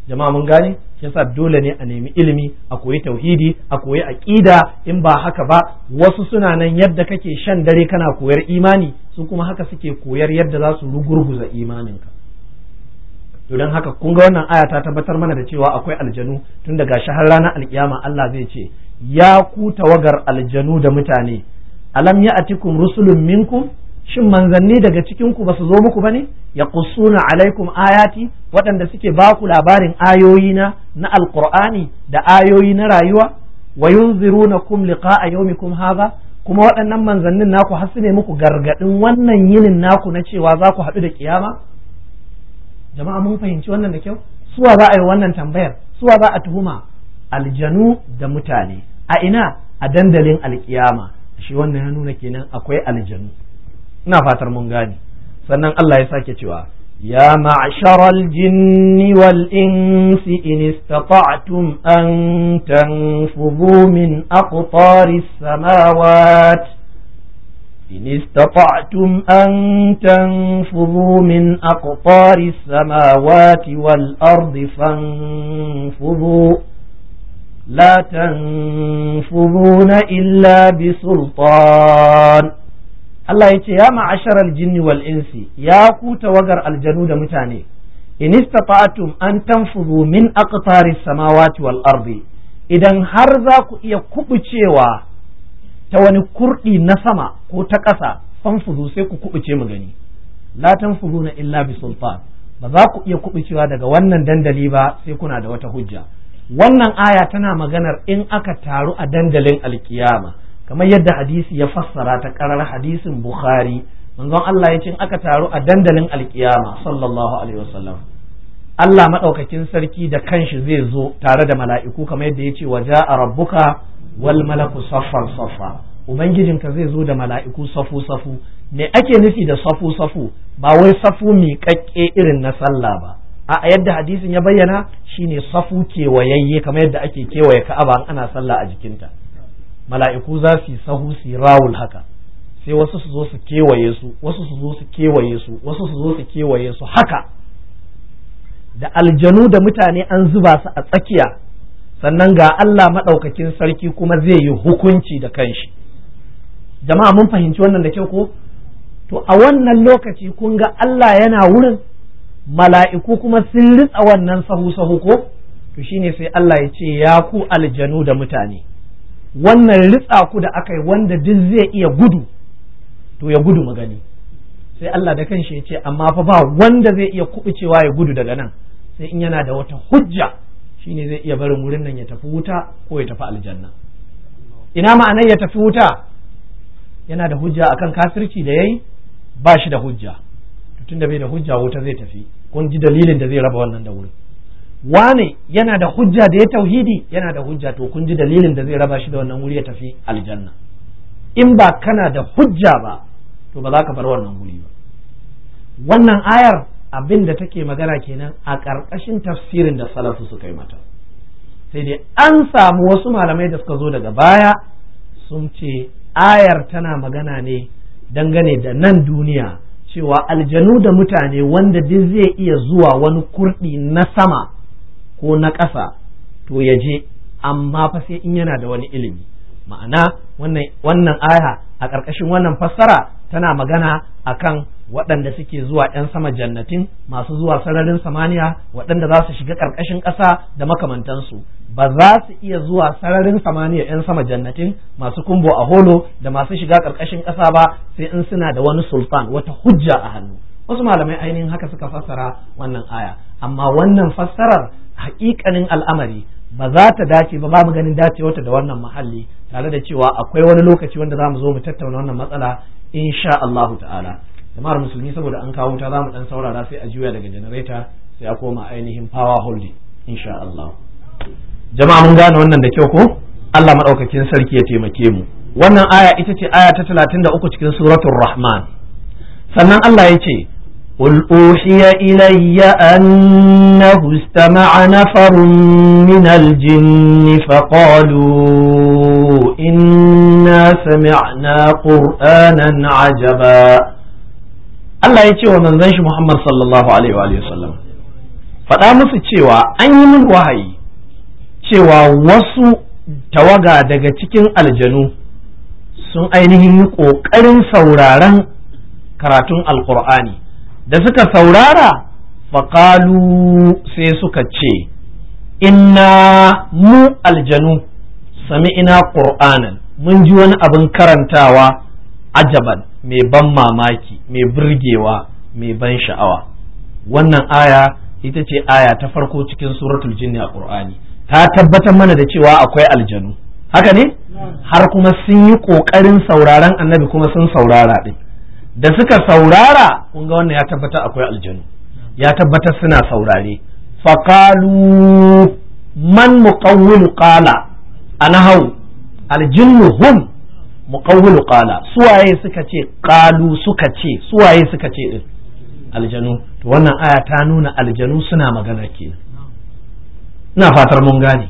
jama'a mun gane yasa dole ne a nemi ilimi a koyi tauhidi a koyi aqida in ba haka ba wasu suna nan yadda kake shan dare kana koyar imani su kuma haka suke koyar yadda za su rugurguza imaninka to don haka kun ga wannan aya ta tabbatar mana da cewa akwai aljanu tun daga shahar har ranar alkiyama Allah zai ce ya ku tawagar aljanu da mutane alam ya'atikum rusulun minkum shin manzanni daga cikin ku basu zo muku ba ne bane yaqussuna alaikum ayati waɗanda suke ba ku labarin ayoyi na na alqur'ani da ayoyi na rayuwa wa yunzirunakum liqa'a yawmikum hadha kuma waɗannan manzannin naku har su ne muku gargadin wannan yinin naku na cewa za ku haɗu da kiyama jama'a mun fahimci wannan da kyau suwa za a yi wannan tambayar suwa za a tuhuma aljanu da mutane a ina a dandalin alkiyama shi wannan ya nuna kenan akwai aljanu ina fatar mun gani sannan Allah ya sake cewa ya ma'asharar jini wal’insi in istafa’atun an tanfubu min akwatari samawa inistafa'atun an tanfubu min akwatari samawa ti wal’ardi fanfubu latan fubu na illa bi sultani Allah ya ce ya ma'ashar aljinni wal insi ya ku tawagar aljanu da mutane in istata'tum an tanfudu min aqtari samawati wal ardi idan har za ku iya kubucewa ta wani kurdi na sama ko ta ƙasa fanfudu sai ku kubuce mu gani la tanfuduna illa bi sultan ba za ku iya kubucewa daga wannan dandali ba sai kuna da wata hujja wannan aya tana maganar in aka taru a dandalin alkiyama kamar yadda hadisi ya fassara ta karar hadisin bukhari manzon Allah ya ce aka taru a dandalin alkiyama sallallahu alaihi wasallam Allah madaukakin sarki da kanshi zai zo tare da mala'iku kamar yadda ya ce wa ja'a rabbuka wal malaku saffan saffa ka zai zo da mala'iku safu safu me ake nufi da safu safu ba wai safu miƙaƙƙe irin na sallah ba a yadda hadisin ya bayyana shine safu kewayayye kamar yadda ake kewaye ka'aba ana sallah a jikinta mala'iku za su yi sahu su yi rawul haka sai wasu su zo su kewaye su wasu su zo su kewaye su wasu su zo su kewaye su haka da aljanu da mutane an zuba su a tsakiya sannan ga Allah maɗaukakin sarki kuma zai yi hukunci da kanshi jama'a mun fahimci wannan da kyau ko to a wannan lokaci kun ga Allah yana wurin mala'iku kuma sun ritsa wannan sahu sahu ko to shine sai Allah ya ce ya ku aljanu da mutane wannan ritsa ku da aka yi wanda duk zai iya gudu to ya gudu magani sai Allah da kan shi ya ce amma fa ba wanda zai iya kubucewa ya gudu daga nan sai in yana da wata hujja shine zai iya barin wurin nan ya tafi wuta ko ya tafi aljanna ina ma'anar ya tafi wuta yana da hujja akan kafirci da yayi ba shi da hujja tunda bai da hujja wuta zai tafi kun ji dalilin da zai raba wannan da wurin wane yana da hujja da ya tauhidi yana da hujja to kun ji dalilin da zai raba shi da wannan wuri ya tafi aljanna in ba kana da hujja ba to ba za ka bar wannan wuri ba wannan ayar abin da take magana kenan a ƙarƙashin tafsirin da salafu suka yi mata sai dai an samu wasu malamai da suka zo daga baya sun ce ayar tana magana ne dangane da nan duniya cewa aljanu da mutane wanda duk zai iya zuwa wani kurɗi na sama ko na ƙasa to ya je amma fa sai in yana da wani ilimi ma'ana wannan aya a ƙarƙashin wannan fassara tana magana akan waɗanda suke zuwa 'yan sama jannatin masu zuwa sararin samaniya waɗanda za su shiga ƙarƙashin ƙasa da makamantansu ba za su iya zuwa sararin samaniya 'yan sama jannatin masu kumbo a holo da masu shiga ƙarƙashin ƙasa ba sai in suna da wani sultan wata hujja a hannu wasu malamai ainihin haka suka fassara wannan aya amma wannan fassarar haƙiƙanin al'amari ba za ta dace ba mu ganin dacewarta da wannan muhalli tare da cewa akwai wani lokaci wanda za mu zo mu tattauna wannan matsala insha Allah ta'ala jama'ar musulmi saboda an kawo wuta za mu dan saurara sai a juya daga janareta sai a koma ainihin power holding insha Allah jama'a mun gane wannan da kyau ko Allah madaukakin sarki ya taimake mu wannan aya ita ce aya ta 33 cikin suratul rahman sannan Allah ya ce قل أوحي إلي أنه استمع نفر من الجن فقالوا إنا سمعنا قرآنا عجبا الله يتي ومن ذنش محمد صلى الله عليه وآله وسلم faɗa musu cewa an yi min wahayi cewa wasu tawaga daga cikin aljanu sun ainihin yi ƙoƙarin sauraron karatun alƙur'ani da suka saurara faƙalu sai suka ce inna mu aljanu sami ina ƙur'anan mun ji wani abin karantawa ajaban mai ban mamaki mai birgewa, mai ban sha'awa wannan aya ita ce aya ta farko cikin suratul jinni a ƙur'ani ta tabbatar mana da cewa akwai aljanu haka ne har kuma sun yi ƙoƙarin sauraron annabi kuma sun saurara ɗin da suka saurara kun ga wannan ya tabbatar akwai aljanu ya tabbatar suna saurare faqalu man muqawwil qala anahau aljinnu hum muqawwil qala suwaye suka ce qalu suka ce suwaye suka ce aljanu to wannan aya ta nuna aljanu suna magana ke ina fatar mun gane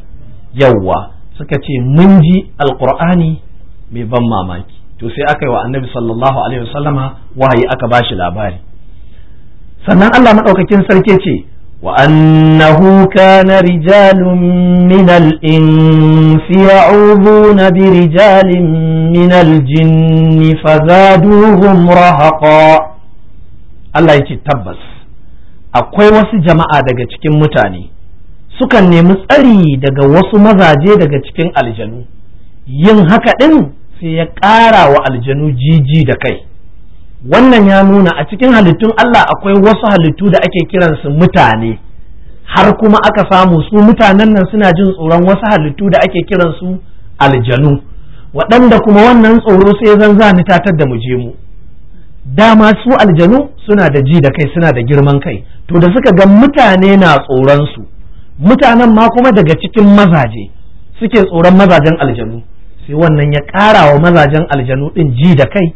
yawwa suka ce mun ji Alƙur'ani mai ban mamaki to sai aka yi wa annabi sallallahu alaihi wasallama wahayi aka ba shi labari sannan Allah madaukakin sarki ce wa annahu kana rijalun min al-insi ya'uduna bi rijalin min al-jinni fazaduhum rahaqa Allah yake tabbas akwai wasu jama'a daga cikin mutane sukan nemi tsari daga wasu mazaje daga cikin aljanu yin haka din sai ya ƙara wa aljanu jiji da kai wannan ya nuna a cikin halittun Allah akwai wasu halittu da ake kiransu mutane har kuma aka samu su mutanen nan suna jin tsoron wasu halittu da ake kiransu aljanu waɗanda kuma wannan tsoro sai zan za ni tatar da muje mu dama su aljanu suna da ji da kai suna da girman kai to da suka ga mutane na tsoron su mutanen ma kuma daga cikin mazaje suke tsoron mazajen aljanu sai wannan ya ƙara wa mazajen aljanu ɗin ji da kai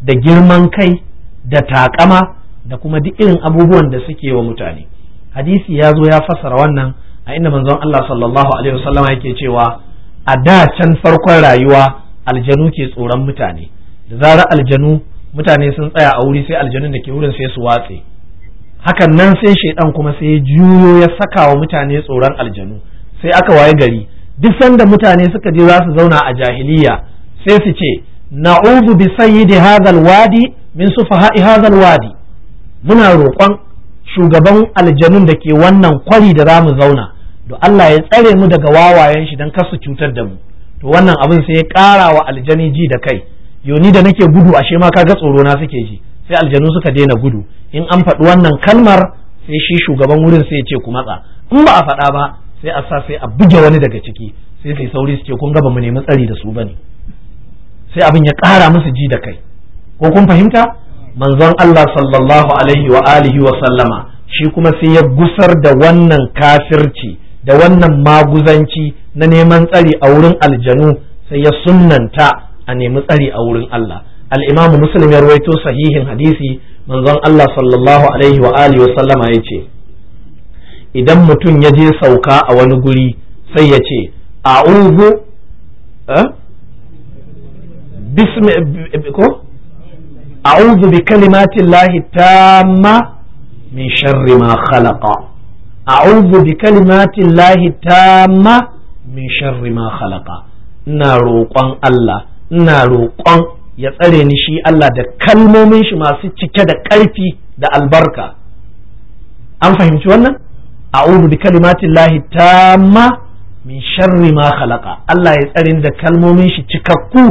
da girman kai da taƙama da kuma duk irin abubuwan da suke wa mutane hadisi ya zo ya fassara wannan a inda manzon Allah sallallahu alaihi wasallam yake cewa a da can farkon rayuwa aljanu ke tsoron mutane da zarar aljanu mutane sun tsaya a wuri sai aljanun da ke wurin sai su watse hakan nan sai shaidan kuma sai juyo ya saka wa mutane tsoron aljanu sai aka waye gari duk sanda mutane suka je za su zauna a jahiliya sai su ce na'udhu bi sayyidi hadhal wadi min sufaha hadhal wadi muna roƙon shugaban aljanun da ke wannan kwari da zamu zauna to Allah ya tsare mu daga wawayen shi don kasu cutar da mu to wannan abin sai ya ƙara wa aljani ji da kai yoni da nake gudu ashe ma kaga tsoro na suke ji sai aljanu suka daina gudu in an faɗi wannan kalmar sai shi shugaban wurin sai ya ce ku matsa in ba a faɗa ba sai a sa sai a buge wani daga ciki sai sai sauri suke ce kun gaba mu nemi tsari da su bane sai abin ya kara musu ji da kai ko kun fahimta manzon Allah sallallahu alaihi wa alihi wa sallama shi kuma sai ya gusar da wannan kafirci da wannan maguzanci na neman tsari a wurin aljanu sai ya sunnanta a nemi tsari a wurin Allah al imamu muslim ya rawaito sahihin hadisi manzon Allah sallallahu alaihi wa alihi wa sallama yace idan mutum ya je sauka a wani guri sai ya ce a eh? bismi ko a'udhu bi kalimatillahi tamma min sharri ma khalaqa a'udhu bi tamma min sharri ma khalaqa ina roƙon Allah ina roƙon ya tsare ni shi Allah da kalmomin shi masu cike da ƙarfi da albarka an fahimci wannan a'udhu bi kalimatillahi tamma min sharri ma khalaqa Allah ya tsare ni da kalmomin shi cikakku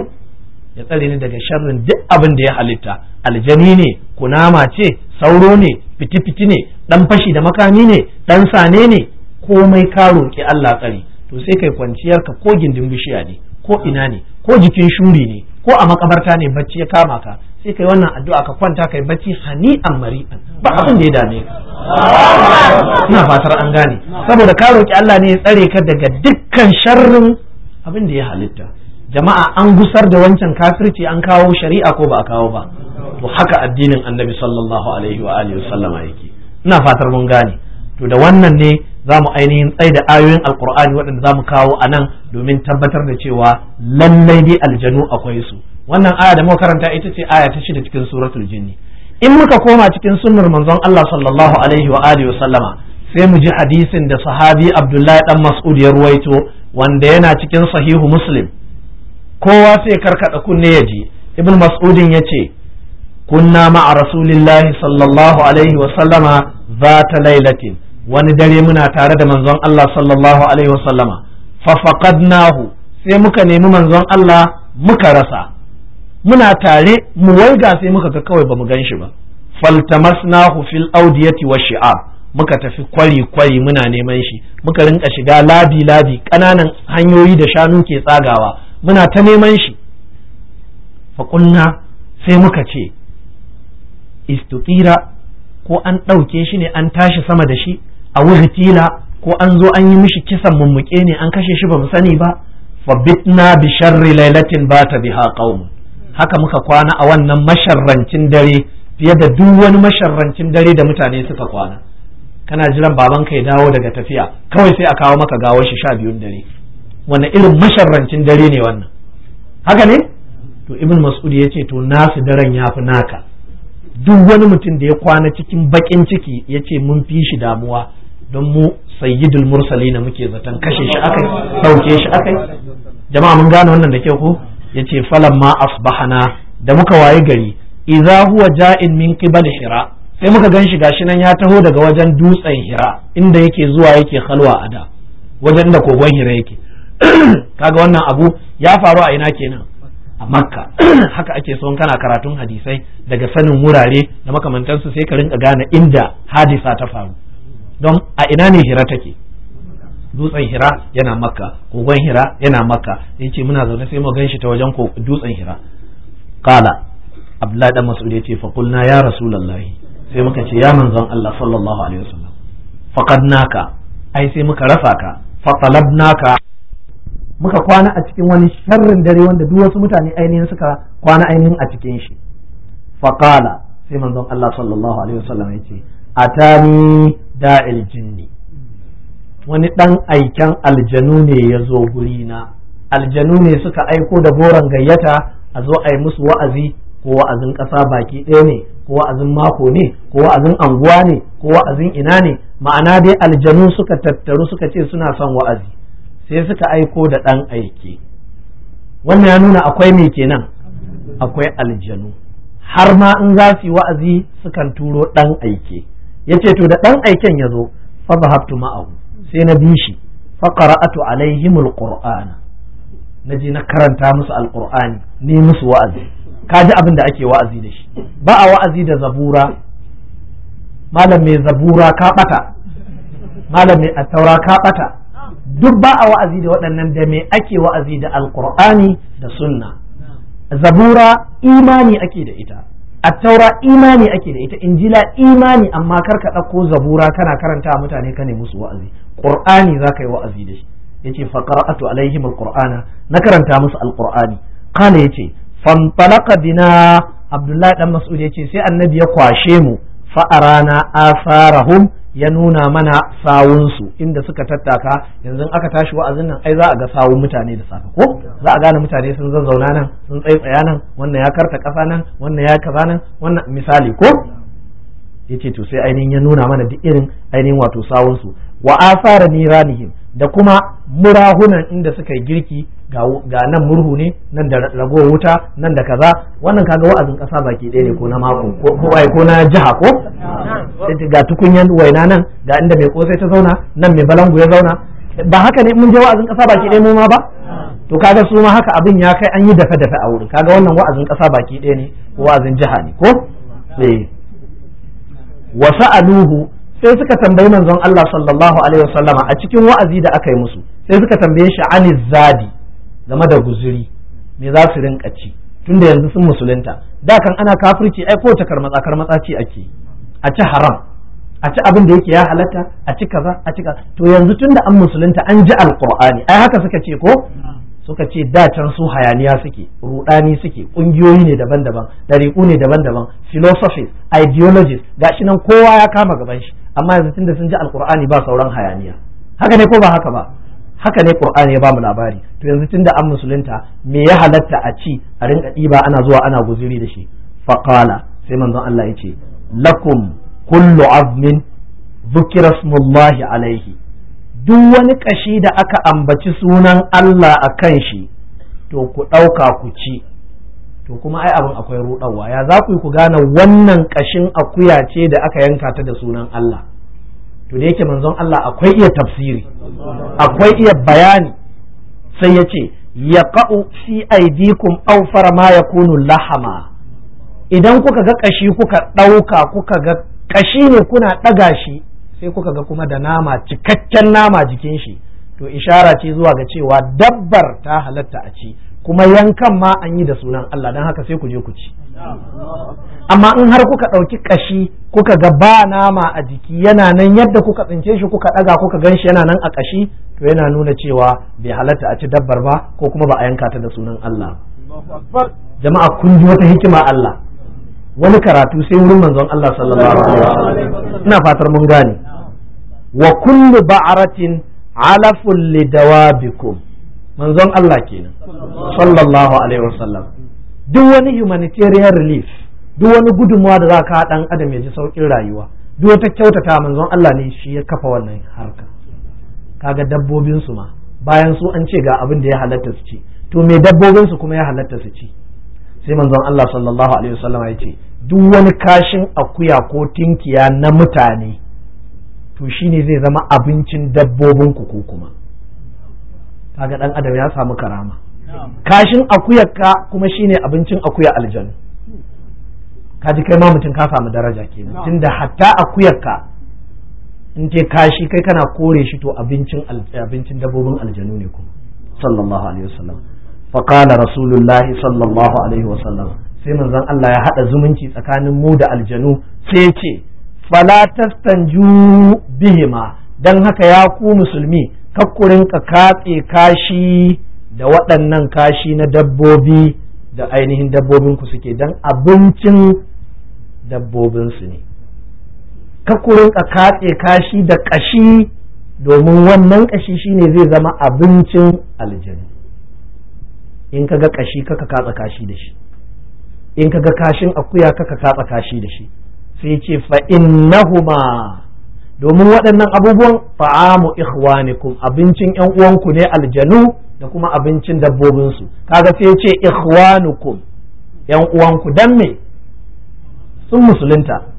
ya tsare ni daga sharrin duk abin da ya halitta Aljami ne kunama ce sauro ne Fitifiti ne dan fashi da makami ne dan sane ne komai ka roki Allah tsare to sai kai kwanciyar ka ko gindin bishiya ne ko ina ne ko jikin shuri ne ko a makabarta ne bacci ya kama ka sai kai wannan addu'a ka kwanta kai bacci hani'an mari'an ba abin da ya dame ka ina fatar an gane saboda ka roki Allah ne ya tsare ka daga dukkan sharrin abin da ya halitta jama'a an gusar da wancan kafirci an kawo shari'a ko ba a kawo ba to haka addinin annabi sallallahu alaihi wa alihi yake ina fatar mun gane to da wannan ne za mu ainihin tsaye da ayoyin alkur'ani waɗanda za mu kawo a nan domin tabbatar da cewa lallai dai aljanu akwai su wannan aya da muka karanta ita ce aya ta shida cikin suratul jinni in muka koma cikin sunnar manzon Allah sallallahu alaihi wa alihi wa sallama sai mu ji hadisin da sahabi Abdullahi dan Mas'ud ya ruwaito wanda yana cikin sahihu Muslim kowa sai karkada kunne ya ji Ibn Mas'udin ya ce kunna ma'a rasulillahi sallallahu alaihi wa sallama zata lailatin wani dare muna tare da manzon Allah sallallahu alaihi wa sallama fa faqadnahu sai muka nemi manzon Allah muka rasa muna tare mu waiga sai muka ga kawai bamu gan shi ba faltamasnahu fil audiyati wa shi'ab muka tafi kwari kwari muna neman shi muka rinka shiga labi labi kananan hanyoyi da shanu ke tsagawa muna ta neman shi kunna sai muka ce istutira ko an ɗauke shi ne an tashi sama da shi a wuhitila ko an zo an yi mishi kisan mummuke ne an kashe shi ba mu sani ba Fa fabitna bi sharri lailatin ba biha qaum haka muka kwana a wannan masharrancin dare fiye da duk wani masharrancin dare da mutane suka kwana kana jiran babanka ya dawo daga tafiya kawai sai a kawo maka gawar shi sha biyun dare wannan irin masharrancin dare ne wannan haka ne to ibn mas'ud ya ce to nasu daren ya fi naka duk wani mutum da ya kwana cikin bakin ciki ya ce mun fi shi damuwa don mu sayyidul mursali na muke zaton kashe shi akai sauke shi akai jama'a mun gane wannan da ke ko yace falamma asbahana da muka waye gari idza huwa ja'in min qibal hira sai muka gan shi gashi nan ya taho daga wajen dutsen hira inda yake zuwa yake halwa a da wajen da kogon hira yake kaga wannan abu ya faru a ina kenan a makka haka ake son kana karatun hadisai daga sanin wurare da makamantansu sai ka rinka gane inda hadisa ta faru don a ina ne hira take dutsen hira yana makka kogon hira yana makka ce muna zaune sai mu ganshi ta wajen dutsen hira kala abdullahi dan mas'ud ce fa kulna ya rasulullahi sai muka ce ya manzon Allah sallallahu alaihi wasallam faqad naka ai sai muka rafa ka fa talabnaka muka kwana a cikin wani sharrin dare wanda duk wasu mutane ainihin suka kwana ainihin a cikin shi faqala sai manzon Allah sallallahu alaihi wasallam yace atani da'il jinni wani ɗan aiken aljanu ne ya zo na aljanu ne suka aiko da goron gayyata a zo a yi musu wa'azi ko wa'azin ƙasa baki ɗaya ne ko wa'azin mako ne ko wa'azin anguwa ne ko wa'azin ina ne ma'ana dai aljanu suka tattaru suka ce suna son wa'azi sai suka aiko da ɗan aiki wannan ya nuna akwai me kenan akwai aljanu har ma in za su yi wa'azi sukan turo ɗan aiki ya ce to da ɗan aiken ya zo fa zahabtu ma'ahu sai na bi shi fa qara'atu alaihimul qur'ana na na karanta musu alqur'ani ne musu wa'azi kaji abin da ake wa'azi da shi ba a wa'azi da zabura malam mai zabura ka bata malam mai attaura ka bata duk ba a wa'azi da waɗannan da me ake wa'azi da alqur'ani da sunna zabura imani ake da ita attaura imani ake da ita injila imani amma kar ka ɗauko zabura kana karanta mutane ka ne musu wa'azi qur'ani zaka yi wa'azi da shi yace fa qara'atu alaihim alqur'ana na karanta musu alqur'ani kana yace fanfalaka bina abdullahi dan mas'ud yace sai annabi ya kwashe mu fa arana asarahum ya nuna mana sawunsu inda suka tattaka yanzu aka tashi wa'azin nan ai za a ga sawun mutane da safe ko za a gane mutane sun zazzauna nan sun tsaitsaya nan wannan ya karta kasa nan wannan ya kaza nan wannan misali ko yace to sai ainihin ya nuna mana duk irin ainihin wato sawunsu wa asara niranihim da kuma murahunan inda suka yi girki ga nan murhu ne nan da rago wuta nan da kaza wannan kaga wa'azin kasa baki ɗaya ne ko na mako ko ai ko na jiha ko ga tukunyan waina nan ga inda mai kosai ta zauna nan mai balangu ya zauna ba haka ne mun je wa'azin kasa baki ɗaya mu ma ba to kaga su ma haka abin ya kai an yi dafe dafe a wurin kaga wannan wa'azin kasa baki ɗaya ne ko wa'azin jiha ne ko eh wa sai suka tambayi manzon Allah sallallahu alaihi wasallama a cikin wa'azi da aka yi musu sai suka tambaye shi ani zadi game da guzuri me za su rinka ci tunda yanzu sun musulunta da kan ana kafirci ai ko ta karmatsa karmatsa ci ake a ci haram a ci abin da yake ya halatta a ci kaza a ci kaza to yanzu tunda an musulunta an ji alqur'ani ai haka suka ce ko suka ce da can su hayaniya suke rudani suke kungiyoyi ne daban-daban dariku ne daban-daban philosophies ideologies shi nan kowa ya kama gaban shi amma yanzu tunda sun ji alkur'ani ba sauran hayaniya haka ne ko ba haka ba haka ne qur'ani ya bamu labari to yanzu tunda an musulunta me ya halatta a ci a rinka ɗiba ana zuwa ana guzuri da shi faqala sai manzon Allah ya ce lakum kullu azmin dhukira smullahi alaihi duk wani kashi da aka ambaci sunan Allah a kan shi to ku ɗauka ku ci to kuma ai abin akwai ruɗarwa ya za ku yi ku gane wannan kashin akuya ce da aka yanka ta da sunan Allah to da yake manzon Allah akwai iya tafsiri akwai iya bayani sai ya ce ya ka'u fi aidikum aufar ma ya kunu lahama idan kuka ga kashi kuka ɗauka kuka ga kashi ne kuna ɗaga shi sai kuka ga kuma da nama cikakken nama jikin shi to ishara ce zuwa ga cewa dabbar ta halatta a ci kuma yankan ma an yi da sunan Allah don haka sai ku je ku ci amma in har kuka ɗauki ƙashi kuka ga ba nama a jiki yana nan yadda kuka tsince shi kuka ɗaga kuka gan shi yana nan a ƙashi to yana nuna cewa bai halatta a ci dabbar ba ko kuma ba a yanka ta da sunan Allah jama'a kun ji wata hikima Allah wani karatu sai wurin manzon Allah sallallahu alaihi wasallam ina fatar mun gane wa kullu ba'ratin alafun lidawabikum manzon Allah kenan sallallahu alaihi wasallam duk wani humanitarian relief duk wani gudunmawa da za ka dan adam ya ji saukin rayuwa duk wata kyautata manzon Allah ne shi ya kafa wannan harka kaga dabbobin su ma bayan su an ce ga abin da ya halatta su ci to me dabbobin su kuma ya halatta su ci sai manzon Allah sallallahu alaihi wasallam ya ce duk wani kashin akuya ko tinkiya na mutane to shine zai zama abincin dabbobin ku ko kuma kaga dan adam ya samu karama kashin akuyarka kuma shine abincin akuya aljanu ka kai ma mutum ka samu daraja kenan tunda hatta akuyarka in ce kashi kai kana kore shi to abincin dabbobin aljanu ne kuma sallallahu alaihi wasallam fa qala rasulullahi sallallahu alaihi wasallam sai manzon Allah ya haɗa zumunci tsakanin mu da aljanu sai ce fala tastanju bihima dan haka ya ku musulmi kakkurin ka katse kashi da waɗannan kashi na dabbobi da ainihin dabbobinku suke dan abincin dabbobinsu ne kakkurin ka katse kashi da ƙashi domin wannan kashi shine zai zama abincin aljanu in ka ga ƙashi kaka katsa kashi da shi in kaga kashin akuya kaka katsa kashi da shi sai ce fa innahuma domin waɗannan abubuwan fa'amu ikhwanikum abincin ƴan uwanku ne aljanu da kuma abincin dabbobinsu kaga sai ce ikhwanukum Ƴan uwanku dan me sun musulunta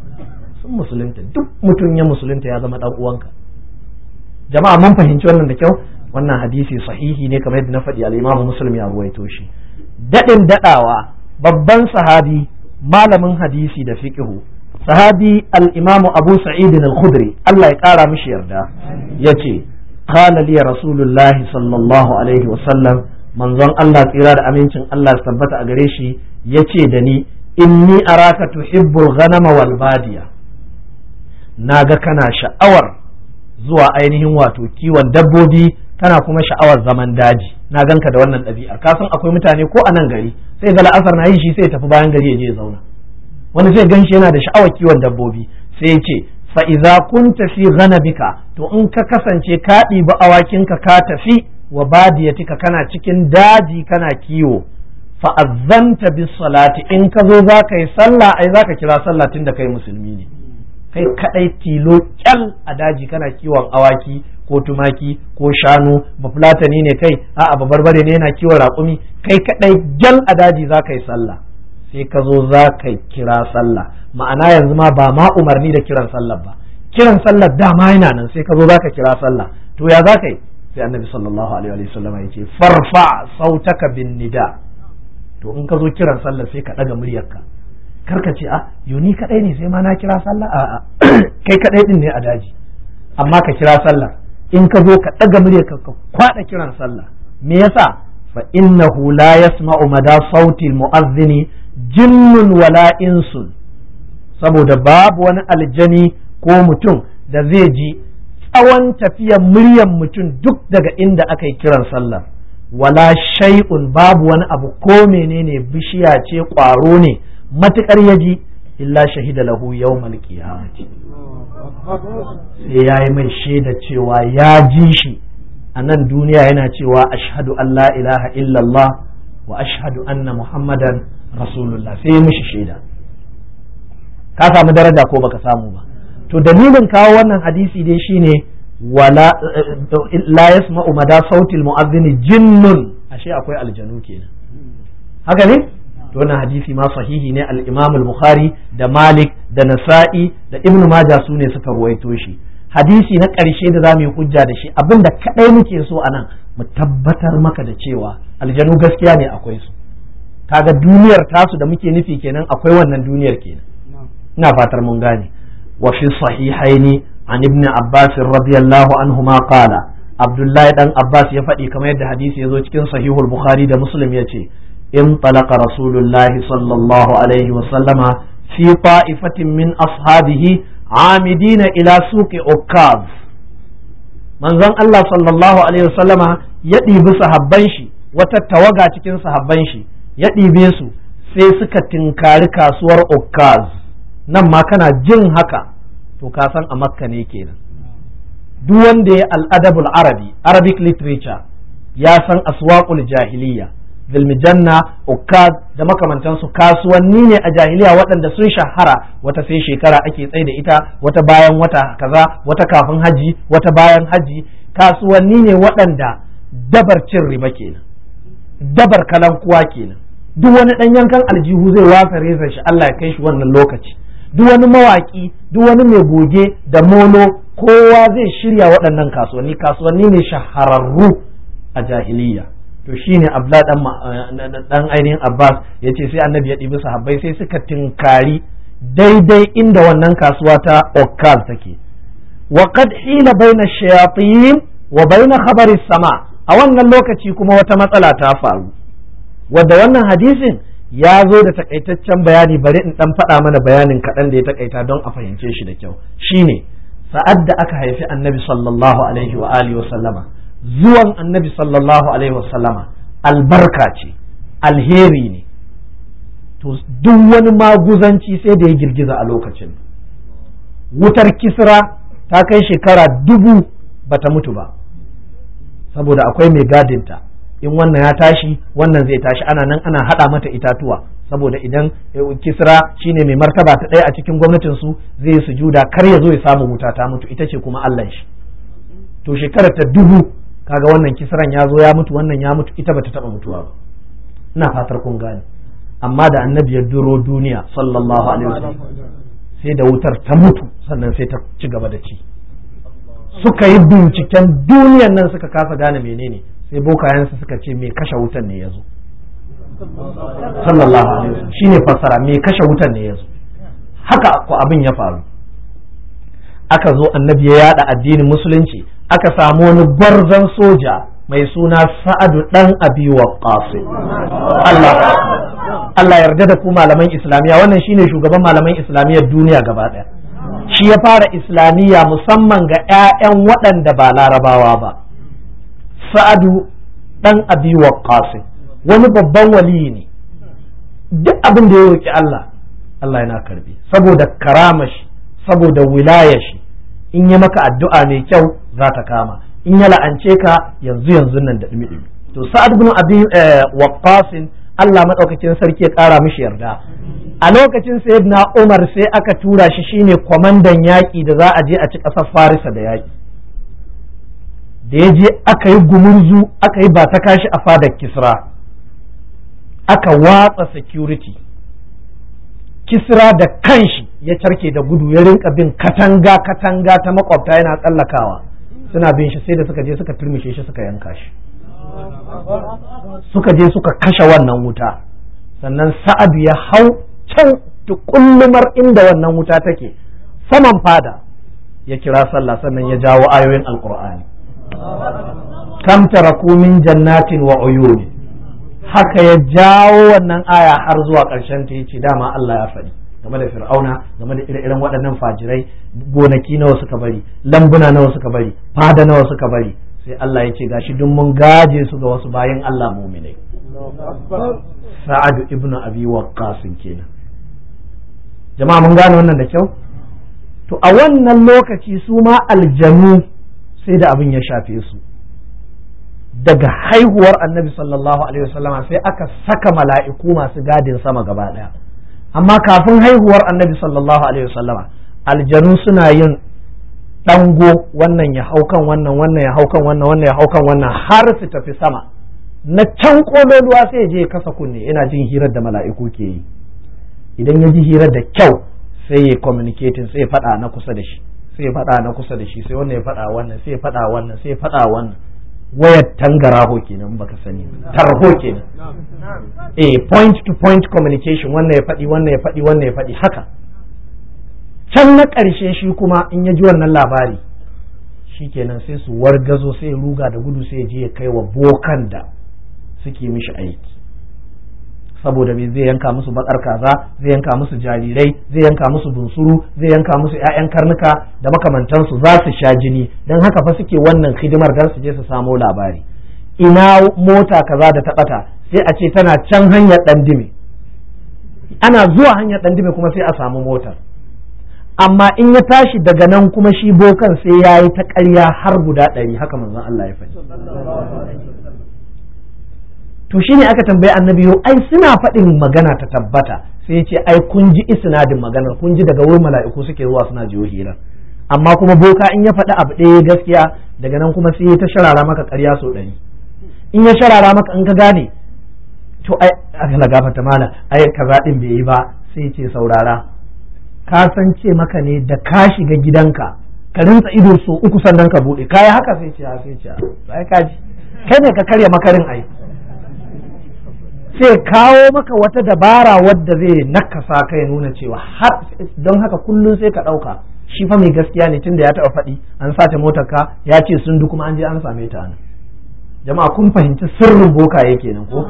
sun musulunta duk mutum ya musulunta ya zama dan uwanka jama'a mun fahimci wannan da kyau wannan hadisi sahihi ne kamar yadda na faɗi al-Imam Muslim ya ruwaito shi dadin dadawa babban sahabi malamin hadisi da fiqhu sahabi al-imam Abu Sa'id al-Khudri Allah ya kara mishi yarda yace qala li rasulullahi sallallahu alaihi wa sallam manzon Allah tsira da amincin Allah su tabbata a gare shi yace da ni inni araka tuhibbul ghanama wal badiya naga kana sha'awar zuwa ainihin wato kiwon dabbobi kana kuma sha'awar zaman daji na ganka da wannan ɗabi'ar kasan akwai mutane ko a nan gari sai ga la'asar na yi shi sai tafi bayan gari ya je zauna wani sai ganshi yana da sha'awar kiwon dabbobi sai ya ce fa kun tafi fi bika to in ka kasance ka ɗibi awakin ka ka tafi wa badiyatika kana cikin daji kana kiwo fa azanta bis salati in ka zo za ka yi sallah ai za ka kira sallah tunda kai musulmi ne kai kaɗai tilo kyal a daji kana kiwon awaki ko tumaki ko shanu ba fulatani ne kai a'a ba barbare ne yana kiwon raƙumi kai kaɗai jal a daji za ka yi sallah sai ka zo za ka kira sallah ma'ana yanzu ma ba ma umarni da kiran sallah ba kiran sallah dama yana nan sai ka zo za ka kira sallah to ya za ka yi sai annabi sallallahu alaihi wa sallam ya ce farfa sautaka bin nida to in ka zo kiran sallah sai ka ɗaga muryarka kar ka ce a ah, ni kaɗai ne sai ma na kira sallah a'a kai kaɗai ɗin ne a daji amma ka kira sallah in ka zo ka ɗaga murya ka kwaɗa kiran sallah me yasa fa innahu la yasma'u mada sautil mu'azzini jinnun wala insun saboda babu wani aljani ko mutum da zai ji tsawon tafiyar muryar mutum duk daga inda aka yi kiran sallah wala shay'un babu wani abu ko menene bishiya ce ƙwaro ne matukar ya ji illa shahida lahu yau qiyamati sai yayi mai shaida cewa ya ji shi a nan duniya yana cewa ashadu allah ilaha illallah wa ashhadu anna muhammadan rasulullah sai ya mishi shaida ka samu daraja ko baka samu ba to dalilin kawo wannan hadisi dai shine wala la yasma'u mada sautil mu'adhdhin jinnun ashe akwai aljanu kenan haka ne to wannan hadisi ma sahihi ne al-Imam al-Bukhari da Malik da Nasa'i da Ibn Majah su ne suka ruwaito shi hadisi na ƙarshe da zamu yi hujja da shi abinda kadai muke so anan mu tabbatar maka da cewa aljanu gaskiya ne akwai su kaga duniyar tasu da muke nufi kenan akwai wannan duniyar kenan ina fatar mun gane wa fi sahihaini an ibn abbas radiyallahu anhuma qala abdullahi dan abbas ya faɗi kamar yadda hadisi ya zo cikin sahihul bukhari da muslim ya ce In رسول الله صلى الله عليه وسلم في طائفة من manzon Allah sallallahu alaihi ya ɗibi sahabban shi wata tawaga cikin sahabban shi ya ɗibe su sai suka tinkari kasuwar Okaz. nan ma kana jin haka to ka san a makka ne kenan duk wanda ya al'adabul arabi arabic literature ya san aswaqul jahiliya zilmijanna ukaz da makamantansu kasuwanni ne a jahiliya waɗanda sun shahara wata sai shekara ake tsaye da ita wata bayan wata kaza wata kafin haji wata bayan haji kasuwanni ne waɗanda dabar cin riba kenan dabar kalankuwa kenan duk wani ɗan yankan aljihu zai wasa reza shi Allah ya kai shi wannan lokaci duk wani mawaƙi duk wani mai goge da mono kowa zai shirya waɗannan kasuwanni kasuwanni ne shahararru a jahiliya to shine abla eh, dan ainihin abbas ya ce sai annabi ya ɗibi sahabbai sai suka tinkari daidai inda wannan kasuwa ta okkaz take wa qad hila baina shayatin wa baina khabari sama a wannan lokaci kuma wata matsala ta faru wadda wannan hadisin ya zo da takaitaccen bayani bari in dan faɗa mana bayanin kaɗan da ya takaita don a fahimce shi da kyau shine sa'ad da aka haifi annabi sallallahu alaihi wa alihi wa sallama zuwan annabi sallallahu alaihi wasallama albarka ce alheri ne to duk wani maguzanci sai da ya girgiza a lokacin wutar kisra ta kai shekara dubu bata mutu ba saboda akwai mai gadinta in wannan ya tashi wannan zai tashi ana nan ana hada mata itatuwa saboda idan eh, kisra shine mai martaba ta ɗaya a cikin gwamnatin su zai sujuda kar ya zo ya samu wuta ta mutu ita ce kuma Allah shi to shekarar ta dubu kaga wannan kisran ya zo ya mutu wannan ya mutu ita bata taba mutuwa ba ina fatar kun gane amma da annabi ya duro duniya sallallahu alaihi wasallam sai da wutar ta mutu sannan sai ta ci gaba da ci suka yi binciken duniyan nan suka kasa gane menene sai bokayensu suka ce me kashe wutan ne yazo sallallahu alaihi wasallam shine fassara me kashe wutan ne yazo haka ko abin ya faru aka zo annabi ya yada addinin musulunci aka samu wani gwarzon soja mai suna sa'adu dan abi wa Allah Allah yarda da ku malaman islamiyya wannan shine shugaban malaman islamiyya duniya gaba ɗaya shi ya fara islamiyya musamman ga 'ya'yan waɗanda ba larabawa ba sa'adu ɗan abi waqqas wani babban waliyi ne duk abin da ya roki Allah Allah yana karbi saboda karamashi saboda wilayashi in yi maka addu'a mai kyau za ta kama in ya la'ance ka yanzu yanzu nan da dumi to sa'ad bin abi eh, waqasin Allah madaukakin sarki ya kara mishi yarda a lokacin sayyidina Umar sai aka tura shi shine kwamandan yaƙi da za a je a ci ƙasar Farisa da yaƙi da ya je aka yi gumurzu aka yi ba ta kashi a fadar Kisra aka watsa security kisra da kanshi ya carke da gudu ya rinka bin katanga katanga ta makwabta yana tsallakawa suna bin shi sai da suka je suka turmishe shi suka yanka shi suka je suka kashe wannan wuta sannan sa'ad ya hau can tukullumar inda wannan wuta take saman fada ya kira sallah sannan ya jawo ayoyin alkur'ani kam taraku min jannatin wa uyuni haka ya jawo wannan aya har zuwa ƙarshen ta yace dama Allah ya faɗi game da fir'auna game da ire-iren waɗannan fajirai gonaki nawa suka bari lambuna nawa suka bari fada nawa suka bari sai Allah ya ce gashi duk mun gaje su ga wasu bayan Allah muminai sa'adu ibnu abi waqqas kenan jama'a mun gane wannan da kyau to a wannan lokaci su ma aljanu sai da abin ya shafe su daga haihuwar annabi sallallahu alaihi wasallama sai aka saka mala'iku masu gadin sama gaba daya amma kafin haihuwar annabi sallallahu alaihi wasallama aljanu suna yin dango wannan ya hau kan wannan wannan ya hau kan wannan wannan ya hau kan wannan har su tafi sama na can kololuwa sai je kasa kunne yana jin hirar da mala'iku ke yi idan ya ji hirar da kyau sai ya communicating sai ya faɗa na kusa da shi sai ya faɗa na kusa da shi sai wannan ya faɗa wannan sai ya faɗa wannan sai ya faɗa wannan wayar tangaraho kenan baka sani tarho kenan eh point to point communication wannan ya faɗi wannan ya faɗi wannan ya faɗi haka can na ƙarshe shi kuma in ya ji wannan labari shi kenan sai su wargazo sai ya ruga da gudu sai ya je ya kai wa bokan da suke mishi aiki saboda me zai yanka musu bakar kaza zai yanka musu jarirai zai yanka musu bunsuru zai yanka musu ƴaƴan karnuka da makamantansu za su sha jini don haka fa suke wannan hidimar dan su je su samo labari ina mota kaza da ta bata sai a ce tana can hanyar dandime ana zuwa hanyar dandime kuma sai a samu mota. amma in ya tashi daga nan kuma shi bokan sai ya yi ta ƙarya har guda ɗari haka manzon Allah ya faɗi to shine aka tambayi annabi yo ai suna faɗin magana ta tabbata sai ya ce ai kun ji isnadin maganar kun ji daga wurin mala'iku suke zuwa suna jiyo hira amma kuma boka in ya faɗi abu ɗaya gaskiya daga nan kuma sai ta sharara maka ƙarya so ɗari in ya sharara maka in ka gane to ai aka gafata mala ai kaza zaɗin bai yi ba sai ce saurara ka san ce maka ne da ka shiga gidanka ka rinsa ido so uku sannan ka buɗe kai haka sai ce sai ce ai ka ji kai ne ka karya makarin ai sai kawo maka wata dabara wadda zai nakasa kai nuna cewa har don haka kullum sai ka ɗauka shi fa mai gaskiya ne tunda ya taɓa faɗi an sace motar ka ya ce sun duk kuma an je an same ta nan jama'a kun fahimci sirrin boka yake nan ko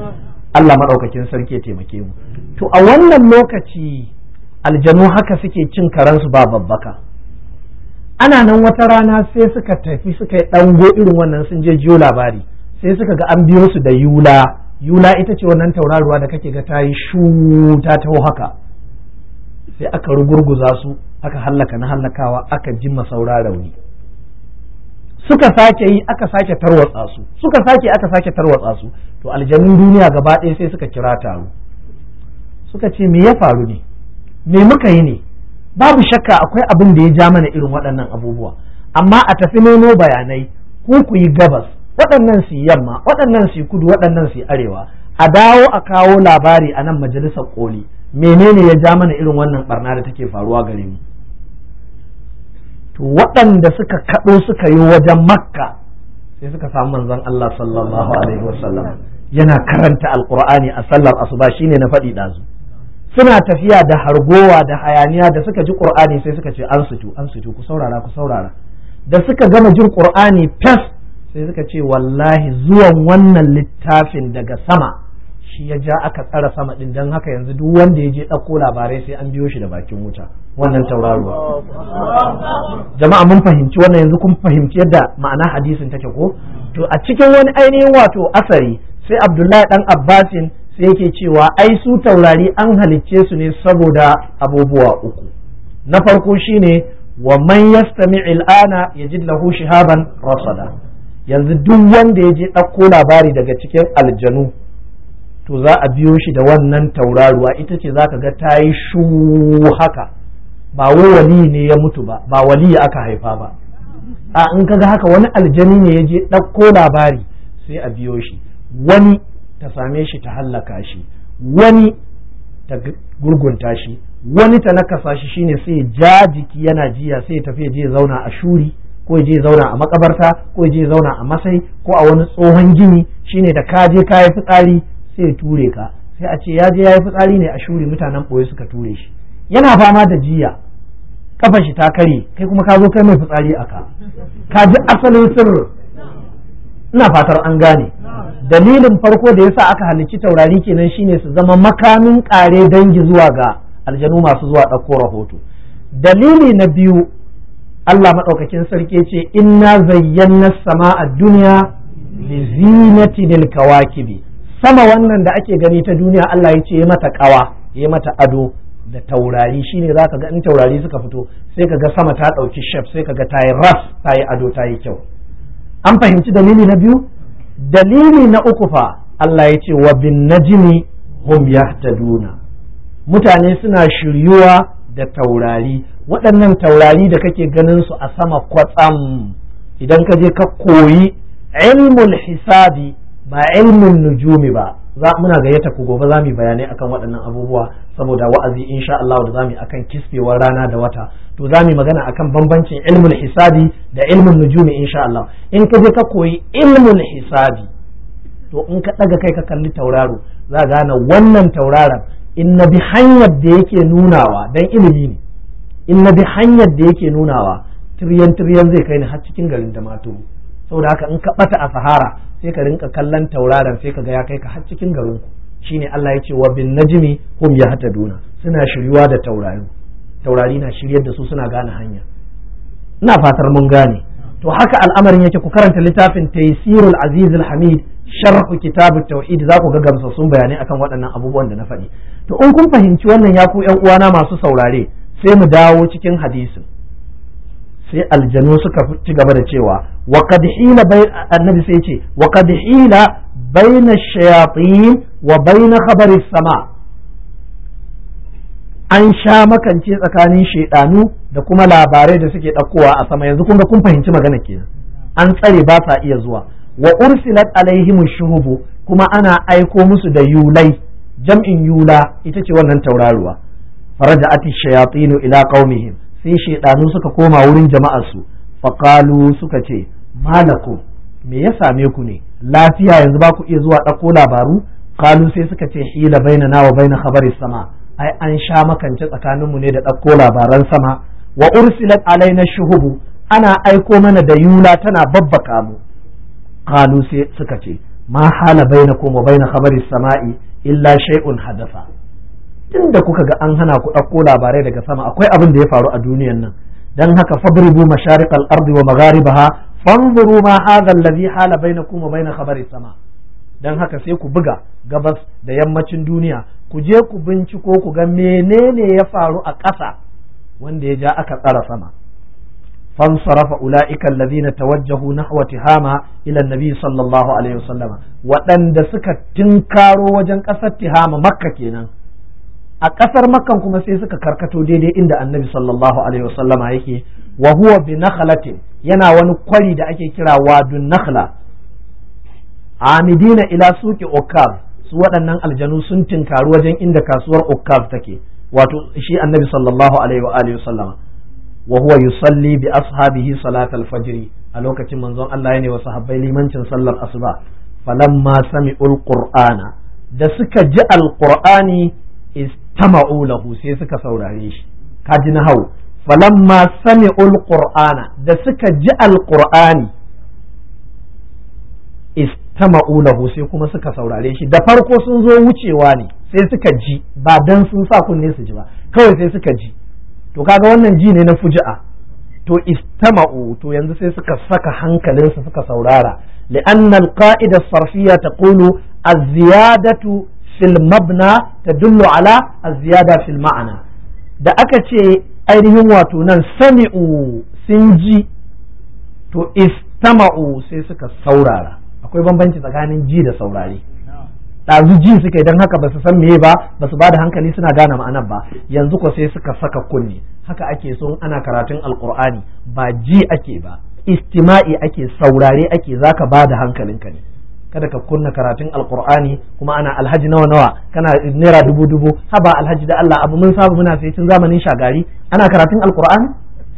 Allah maɗaukakin sarki ya taimake mu to a wannan lokaci aljanu haka suke cin karansu ba babbaka ana nan wata rana sai suka tafi suka yi ɗango irin wannan sun je jiyo labari sai suka ga an biyo su da yula yula ita ce wannan tauraruwa da kake ga ta yi ta taho haka sai aka rugurguza su aka hallaka na hallakawa aka ji masaura rauni suka sake yi aka sake tarwatsa su suka sake aka sake tarwatsa su to aljanun duniya gaba ɗaya sai suka kira taro suka ce me ya faru ne me muka yi ne babu shakka akwai abin da ya ja mana irin waɗannan abubuwa amma a tafi nemo bayanai ku ku yi gabas waɗannan su yamma waɗannan su kudu waɗannan su arewa a dawo a kawo labari a nan majalisar koli menene ya ja mana irin wannan barna da take faruwa gare mu to waɗanda suka kaɗo suka yi wajen makka sai suka samu manzon Allah sallallahu alaihi wasallam yana karanta alqur'ani a sallar asuba shine na faɗi ɗazu suna tafiya da hargowa da hayaniya da suka ji qur'ani sai suka ce an sutu an sutu ku saurara ku saurara da suka gama jin qur'ani fes sai suka ce wallahi zuwan wannan littafin daga sama shi ya ja aka tsara sama din don haka yanzu duk wanda ya je ɗauko labarai sai an biyo shi da bakin wuta wannan tauraruwa jama'a mun fahimci wannan yanzu kun fahimci yadda ma'ana hadisin take ko to a cikin wani ainihin wato asari sai abdullahi dan abbasin sai yake cewa ai su taurari an halicce su ne saboda abubuwa uku na farko shine wa man yastami al'ana yajid lahu shihaban rasada yanzu duk wanda ya je ɗauko labari daga cikin aljanu to za a biyo shi da wannan tauraruwa ita ce za ka ga ta yi shu haka ba wani wali ne ya mutu ba ba wali aka haifa ba a in ka ga haka wani aljani ne ya je ɗauko labari sai a biyo shi wani ta same shi ta hallaka shi wani ta gurgunta shi wani ta nakasa shi shine sai ja jiki yana jiya sai ya tafi ya je zauna a shuri ko je zauna a makabarta ko je zauna a masai ko a wani tsohon gini shine da ka je ka yi fitsari sai ture ka sai a ce ya je ya yi fitsari ne a shuri mutanen boye suka ture shi yana fama da jiya kafa shi ta kare kai kuma ka zo kai mai fitsari a ka ka ji asalin sirri ina fatar an gane dalilin farko da yasa aka halicci taurari kenan shine su zama makamin kare dangi zuwa ga aljanu masu zuwa ɗauko rahoto dalili na biyu Allah maɗaukakin sarki ce inna zayyana sama a duniya bi zinati kawakibi sama wannan da ake gani ta duniya Allah ya ce ya mata ƙawa, ya mata ado da taurari shine zaka ga in taurari suka fito sai ka ga sama ta ɗauki shaf sai ka ga ta yi ras ta yi ado ta yi kyau an fahimci dalili na biyu dalili na uku fa Allah ya ce wa bin najmi hum duna. mutane suna shiryuwa da taurari waɗannan taurari da kake ganin su a sama kwatsam idan ka je ka koyi ilmul hisabi ba ilmin nujumi ba za muna gayyata ku gobe za mu bayanai akan waɗannan abubuwa saboda wa'azi insha Allah da zamu akan kisbewar rana da wata to zamu magana akan bambancin ilmul hisabi da ilmin nujumi insha Allah in ka je ka koyi ilmul hisabi to in ka ɗaga kai ka kalli tauraro za gane wannan tauraron in na bi hanyar da yake nunawa dan ilimi ne in na bi hanyar da yake nunawa tiryan tiryan zai kai ni har cikin garin da maturu saboda haka in ka bata a sahara sai ka rinka kallon tauraron sai ka ga ya kai ka har cikin garin ku shine Allah ya ce wa bin najmi hum yahtaduna suna shiryuwa da taurari taurari na shiryar da su suna gane hanya ina fatar mun gane to haka al'amarin yake ku karanta littafin taysirul azizul hamid sharhu kitabu tauhid za ku ga gamsassun bayanai akan waɗannan abubuwan da na faɗi to in kun fahimci wannan ya ku ƴan uwana masu saurare sai mu dawo cikin hadisin sai aljanu suka ci gaba da cewa wa qad hila annabi sai ce wa qad hila baina shayatin wa baina khabari sama an sha makance tsakanin shaidanu da kuma labarai da suke ɗaukowa a sama yanzu kun ga kun fahimci magana kenan an tsare ba sa iya zuwa wa ursilat alaihim shuhubu kuma ana aiko musu da yulai jam'in yula ita ce wannan tauraruwa faraja'ati shayatinu ila qaumihim sai shaidanu suka koma wurin jama'arsu faqalu suka ce malakum me ya same ku ne lafiya yanzu ba ku iya zuwa ɗauko labaru kalu sai suka ce hila baina nawa baina khabari sama ai an sha makance tsakanin mu ne da ɗauko labaran sama wa ursilat alaina shuhubu ana aiko mana da yula tana babbaka mu qalu sai suka ce ma hala bainakum wa bain khabari sama'i illa shaiun hadasa tunda kuka ga an hana ku ɗauko labarai daga sama akwai abin da ya faru a duniyan nan dan haka fabribu mashariqal ardi wa magharibaha fanzuru ma hadha alladhi hala bainakum wa bain khabari sama dan haka sai ku buga gabas da yammacin duniya ku je ku binciko ku ga menene ya faru a ƙasa wanda ya ja aka tsara sama fansarafa ula'ika allazina tawajjahu nahwa tihama ila annabi sallallahu waɗanda suka tinkaro wajen ƙasar tihama makka kenan a ƙasar makkan kuma sai suka karkato daidai inda annabi sallallahu alaihi yake wa huwa bi nakhlatin yana wani kwari da ake kira wadun nakhla amidina ila suki ukkab su waɗannan aljanu sun tinkaru wajen inda kasuwar ukkab take wato shi annabi sallallahu alaihi wa alihi wasallama wa huwa yusalli bi ashabihi salatal fajr a lokacin manzon Allah yana wa sahabbai limancin sallar asuba falamma da suka ji alqur'ani istama'u lahu sai suka saurare shi kaji na hau falamma sami'ul qur'ana da suka ji alqur'ani istama'u lahu sai kuma suka saurare shi da farko sun zo wucewa ne sai suka ji ba dan sun sa kunne su ji ba kawai sai suka ji to kaga wannan ji ne na fuji'a to istama'u to yanzu sai suka saka hankalinsu suka saurara لأن القاعدة الصرفية تقول الزيادة في المبنى ala على الزيادة في المعنى da aka ce ainihin wato nan sami'u sun ji to istama'u sai suka saurara akwai bambanci tsakanin ji da saurari ɗazu ji suka don haka ba su san meye ba ba su ba da hankali suna gane ma'anar ba yanzu ko sai suka saka kunni haka ake so ana karatun alkur'ani ba ji ake ba istima'i ake saurare ake ka ba da hankalinka ne kada ka kunna karatun alkur'ani kuma ana alhaji nawa nawa kana naira dubu dubu haba alhaji da Allah abu mun saba muna sai tun zamanin shagari ana karatun alkur'ani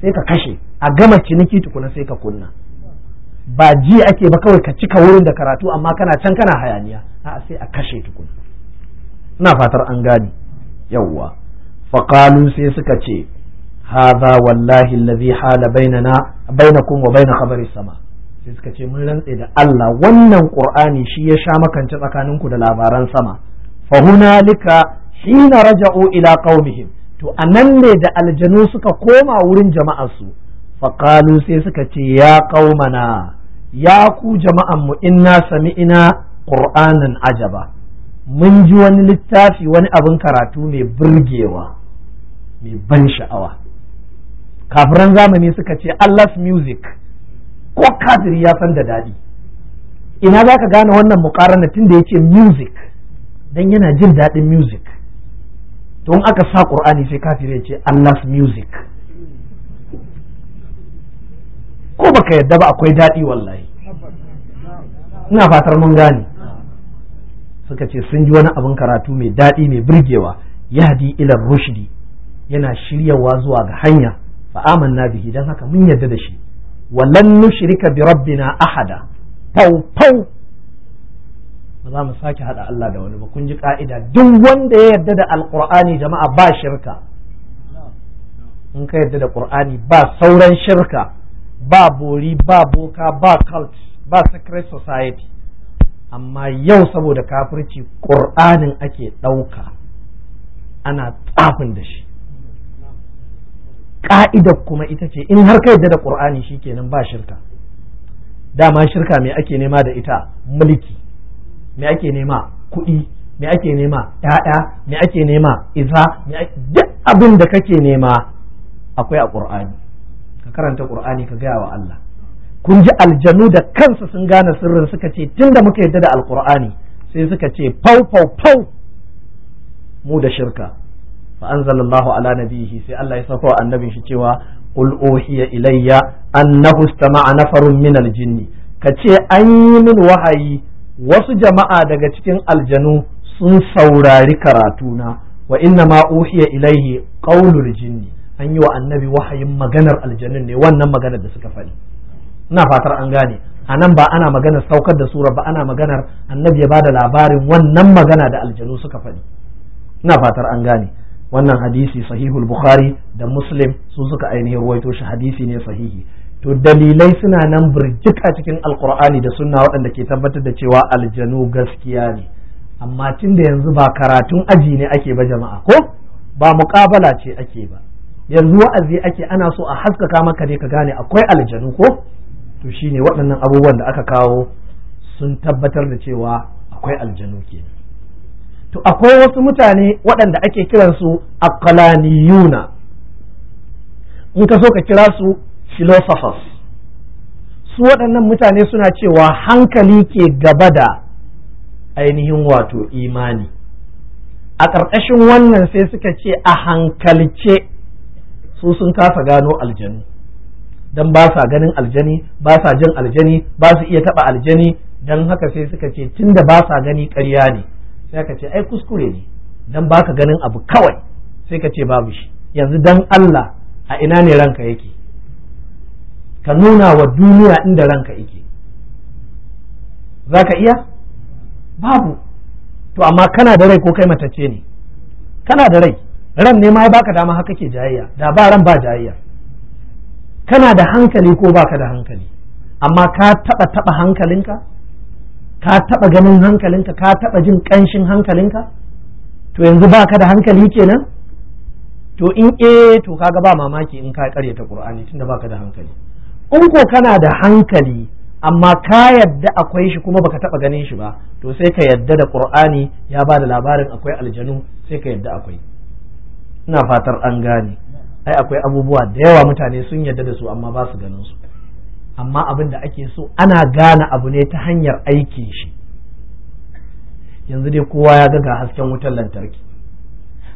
sai ka kashe a gama ciniki tukuna sai ka kunna ba ji ake ba kawai ka cika wurin da karatu amma kana can kana hayaniya a sai a kashe tukuna ina fatar an gani yawwa faqalu sai suka ce haza wallahi allazi hala bainana bainakum wa bain khabari sama sai suka ce mun rantse da Allah wannan qur'ani shi ya sha makance tsakaninku da labaran sama fa hunalika hina raja'u ila qaumihim to anan ne da aljanu suka koma wurin jama'arsu faƙalu sai suka ce ya qaumana ya ku jama'an mu inna ina qur'anan ajaba mun ji wani littafi wani abin karatu mai burgewa mai ban sha'awa kafiran zamani suka ce Allah's music ko kadiri ya san da daɗi ina za ka gane wannan mukarana tun da ya music don yana jin daɗin music to aka sa ƙur'ani sai kafiri ya ce Allah's music ko baka yadda ba akwai daɗi wallahi ina fatar mun gane suka ce sun ji wani abin karatu mai daɗi mai burgewa yahdi ilar rushdi yana shiryawa zuwa ga hanya fa amanna bihi dan haka mun yadda da shi wallan nushrika bi rabbina ahada pau pau ba za mu sake hada Allah da wani ba kun ji ka'ida duk wanda ya yadda da alqur'ani jama'a ba shirka in ka yadda da qur'ani ba sauran shirka ba bori ba boka ba cult ba secret society amma yau saboda kafirci ƙur'anin ake ɗauka ana tsafin da shi ƙa'idar kuma ita ce in har ka yadda da ƙur'ani shi kenan ba shirka dama shirka me ake nema da ita mulki me ake nema kuɗi me ake nema ‘ya'ya me ake nema iza duk abin da kake nema akwai a ƙur'ani karanta qur'ani ka gaya wa Allah kun ji aljanu da kansu sun gane sirrin suka ce tunda muka yarda da alqur'ani sai suka ce fau fau fau mu da shirka fa anzalallahu ala nabihi sai Allah ya sako annabin shi cewa qul uhiya ilayya annahu istama'a nafarun min aljinni ce an yi min wahayi wasu jama'a daga cikin aljanu sun saurari karatuna wa inna ma uhiya ilaihi qaulul jinni an yi wa annabi wahayin maganar aljanun ne wannan maganar da suka faɗi ina fatar an gane a nan ba ana maganar saukar da sura ba ana maganar annabi ya ba da labarin wannan magana da aljanu suka faɗi ina fatar an gane wannan hadisi sahihul bukhari da muslim su suka ainihin ruwaito shi hadisi ne sahihi to dalilai suna nan birjika cikin alkur'ani da sunna waɗanda ke tabbatar da cewa aljanu gaskiya ne amma tun da yanzu ba karatun aji ne ake ba jama'a ko ba muƙabala ce ake ba yanzu wa'azi ake ana so a haskaka maka ne ka gane akwai aljanu ko to shine waɗannan abubuwan da aka kawo sun tabbatar da cewa akwai aljanu ke. to akwai wasu mutane waɗanda ake kiransu aqlaniyuna in ka so ka kira su philosophers su waɗannan mutane suna cewa hankali ke gaba da ainihin wato imani a ƙarƙashin wannan sai suka ce a hankalce su sun kasa gano aljani dan ba sa ganin aljani ba sa jin aljani ba su iya taba aljani dan haka sai suka ce tunda ba sa gani ƙarya ne sai ka ce ai kuskure ne dan ka ganin abu kawai sai ka ce babu shi yanzu dan Allah a ina ne ranka yake ka nuna wa duniya inda ranka yake za ka iya babu to amma kana da rai ko kai matacce ne kana da rai ran ne ma baka dama haka ke jayayya da ba ran ba jayayya kana da hankali ko baka da hankali amma ka taba taba hankalinka ka taba ganin hankalinka ka taba jin kanshin hankalinka to yanzu baka da hankali kenan to in eh to kaga ba mamaki in ka karyata qur'ani tunda baka da hankali in ko kana da hankali amma ka yadda akwai shi kuma baka taba ganin shi ba to sai ka yadda da qur'ani ya ba da labarin akwai aljanu sai ka yadda akwai ina fatar an gane ai akwai abubuwa da yawa mutane sun yarda da su amma ba su ganin su amma abin da ake so ana gane abu ne ta hanyar aikin shi yanzu dai kowa ya ga ga hasken wutar lantarki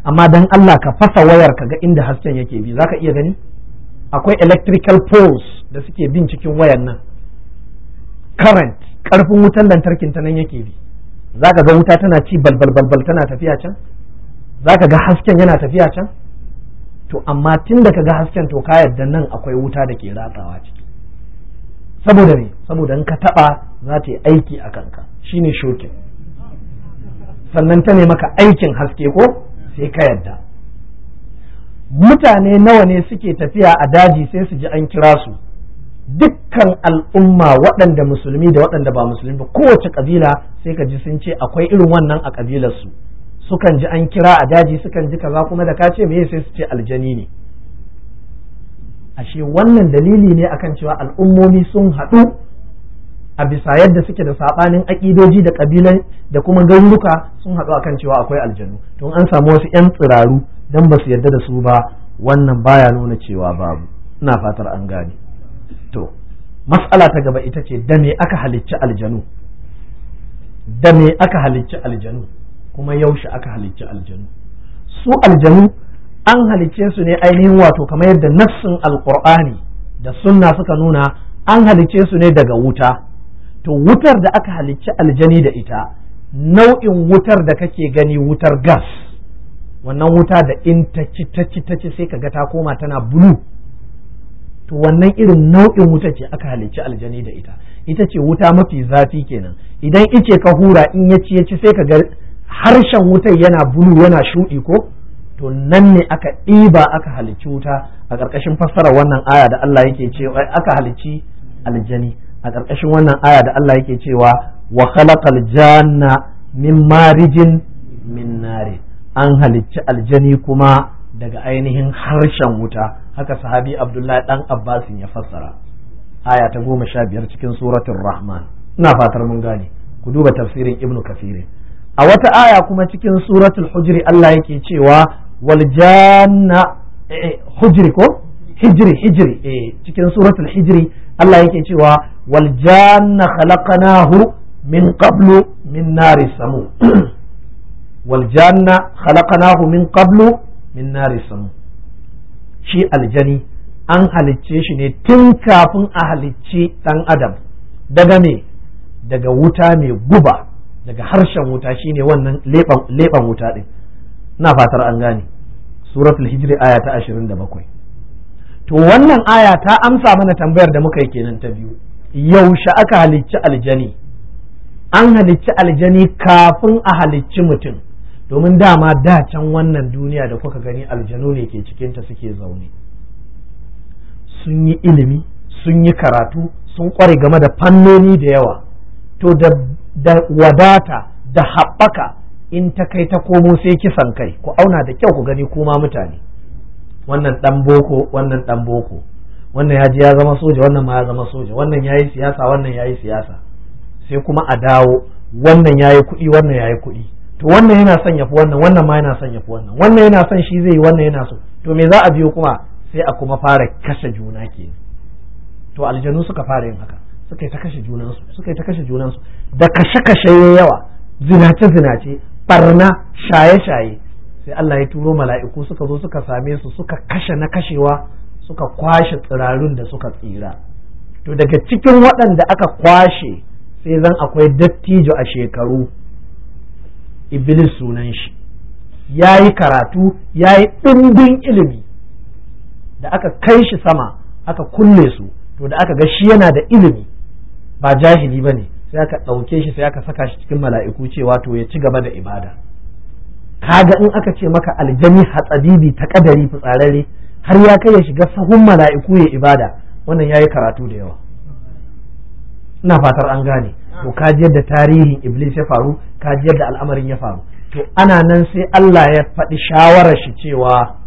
amma dan Allah ka fasa wayar ka ga inda hasken yake bi zaka iya gani akwai electrical poles da suke bin cikin wayar nan current karfin wutar lantarkin ta nan yake bi zaka ga wuta tana ci balbal balbal tana tafiya can za ka ga hasken yana tafiya can to amma tun da ka ga hasken to ka yadda nan akwai wuta da ke ratsawa ciki saboda ne saboda in ka taba za ta yi aiki a kanka shine shokin sannan ta ne maka aikin haske ko sai ka yadda mutane nawa ne suke tafiya a daji sai su ji an kira su dukkan al'umma waɗanda musulmi da waɗanda ba musulmi ba kowace ƙabila sai ka ji sun ce akwai irin wannan a ƙabilarsu su sukan ji an kira a daji sukan ji kaza kuma da ka ce me sai su ce aljani ne ashe wannan dalili ne akan cewa al'ummomi sun haɗu a bisa yadda suke da saɓanin aƙidoji da ƙabilai da kuma garuruka sun haɗu akan cewa akwai aljanu to an samu wasu 'yan tsiraru dan ba su yarda da su ba wannan baya nuna cewa babu ina fatar an gane to mas'ala ta gaba ita ce da me aka halicci aljanu da me aka halicci aljanu kuma yaushe aka halicci aljanu su aljanu an halicce su ne ainihin wato kamar yadda nassin alqur'ani da sunna suka nuna an halicce su ne daga wuta to wutar da aka halicci aljani da ita nau'in wutar da kake gani wutar gas wannan wuta da in ta ci ta ci ta ci sai kaga ta koma tana bulu to wannan irin nau'in wuta ce aka halicci aljani da ita ita ce wuta mafi zafi kenan idan ice ka hura in ya ci ya ci sai kaga harshen wutar yana bulu yana shuɗi ko to nan ne aka ɗiba aka halicci wuta a ƙarƙashin fassarar wannan aya da Allah yake cewa eh, aka halicci aljani a ƙarƙashin wannan aya da Allah yake cewa wa khalaqal janna min marijin min nari an halicci aljani kuma daga ainihin harshen wuta haka sahabi Abdullahi dan Abbas ya fassara aya ta goma sha biyar cikin suratul Rahman ina fatar mun gane ku duba tafsirin ibnu kasirin a wata aya kuma cikin suratul hujri Allah yake cewa wal janna eh, eh, hujri ko hijri hijri eh cikin suratul hijri Allah yake cewa wal janna khalaqnahu min qablu min nari samu wal janna khalaqnahu min qablu min nari samu shi aljani an halicce shi ne tun kafin a halicci dan adam daga me daga wuta mai guba daga harshen wuta shine wannan leɓen wuta din na fatar an gane suratul hijri aya ta ashirin da bakwai. to wannan aya ta amsa mana tambayar da muka yi kenan ta biyu yaushe aka halicci aljani an halicci aljani kafin a halicci mutum domin dama da can wannan duniya da kuka gani aljanu ne ke cikinta suke zaune sun yi ilimi sun yi karatu sun kware game da fannoni da yawa to da da wadata da haɓaka in ta kai ta komo sai kisan kai ku auna da kyau ku gani kuma mutane wannan dan boko wannan dan boko wannan ya ji ya zama soja wannan ma ya zama soja wannan ya yi siyasa wannan ya yi siyasa sai kuma a dawo wannan ya yi kuɗi wannan ya yi kuɗi to wannan yana son ya fi wannan wannan ma yana son ya fi wannan wannan yana son shi zai yi wannan yana so to me za a biyo kuma sai a kuma fara kashe juna ke to aljanu suka fara yin haka suka yi ta kashe junansu suka yi ta kashe junansu da kashe-kashe ya yawa zinace-zinace barna shaye-shaye sai Allah ya turo mala'iku suka zo suka same su suka kashe na kashewa suka kwashe tsirarun da suka tsira to daga cikin waɗanda aka kwashe sai zan akwai dattijo a shekaru iblis sunan shi ya yi karatu ya yi ɗimbin ilimi da aka kai shi sama aka kulle su to da aka ga shi yana da ilimi ba jahili ba ne sai aka ɗauke shi sai aka saka shi cikin mala'iku cewa to ya ci gaba da ibada kaga in aka ce maka aljani hatsabibi ta kadari fitsararre har ya kai ya shiga sahun mala'iku ya ibada wannan ya yi karatu da yawa ina fatar an gane to ka ji yadda tarihin iblis ya faru ka ji yadda al'amarin ya faru to ana nan sai Allah ya faɗi shawarar shi cewa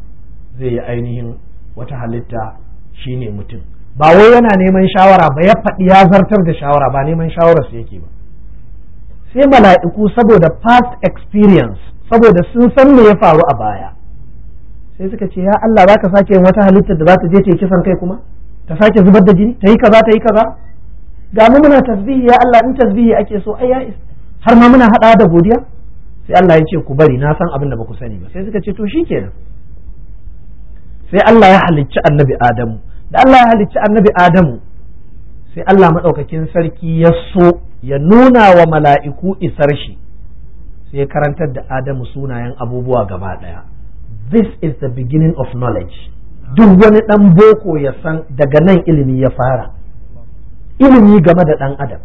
zai yi ainihin wata halitta shine mutum ba wai yana neman shawara ba ya faɗi ya zartar da shawara ba neman shawarar su yake ba sai mala'iku saboda past experience saboda sun san me ya faru a baya sai suka ce ya Allah za ka sake yin wata halittar da za ta je ta yi kisan kai kuma ta sake zubar da jini ta yi kaza ta yi kaza ga mu muna tasbihi ya Allah in tasbihi ake so ai har ma muna hada da godiya sai Allah ya ce ku bari na san abin da baku sani ba sai suka ce to shikenan sai Allah ya halicci annabi Adamu da Allah ya halicci annabi Adamu sai Allah maɗaukakin sarki ya so ya nuna wa mala'iku isar shi sai ya karantar da Adamu sunayen abubuwa gaba ɗaya this is the beginning of knowledge duk wani ɗan boko ya san daga nan ilimi ya fara ilimi game da ɗan adam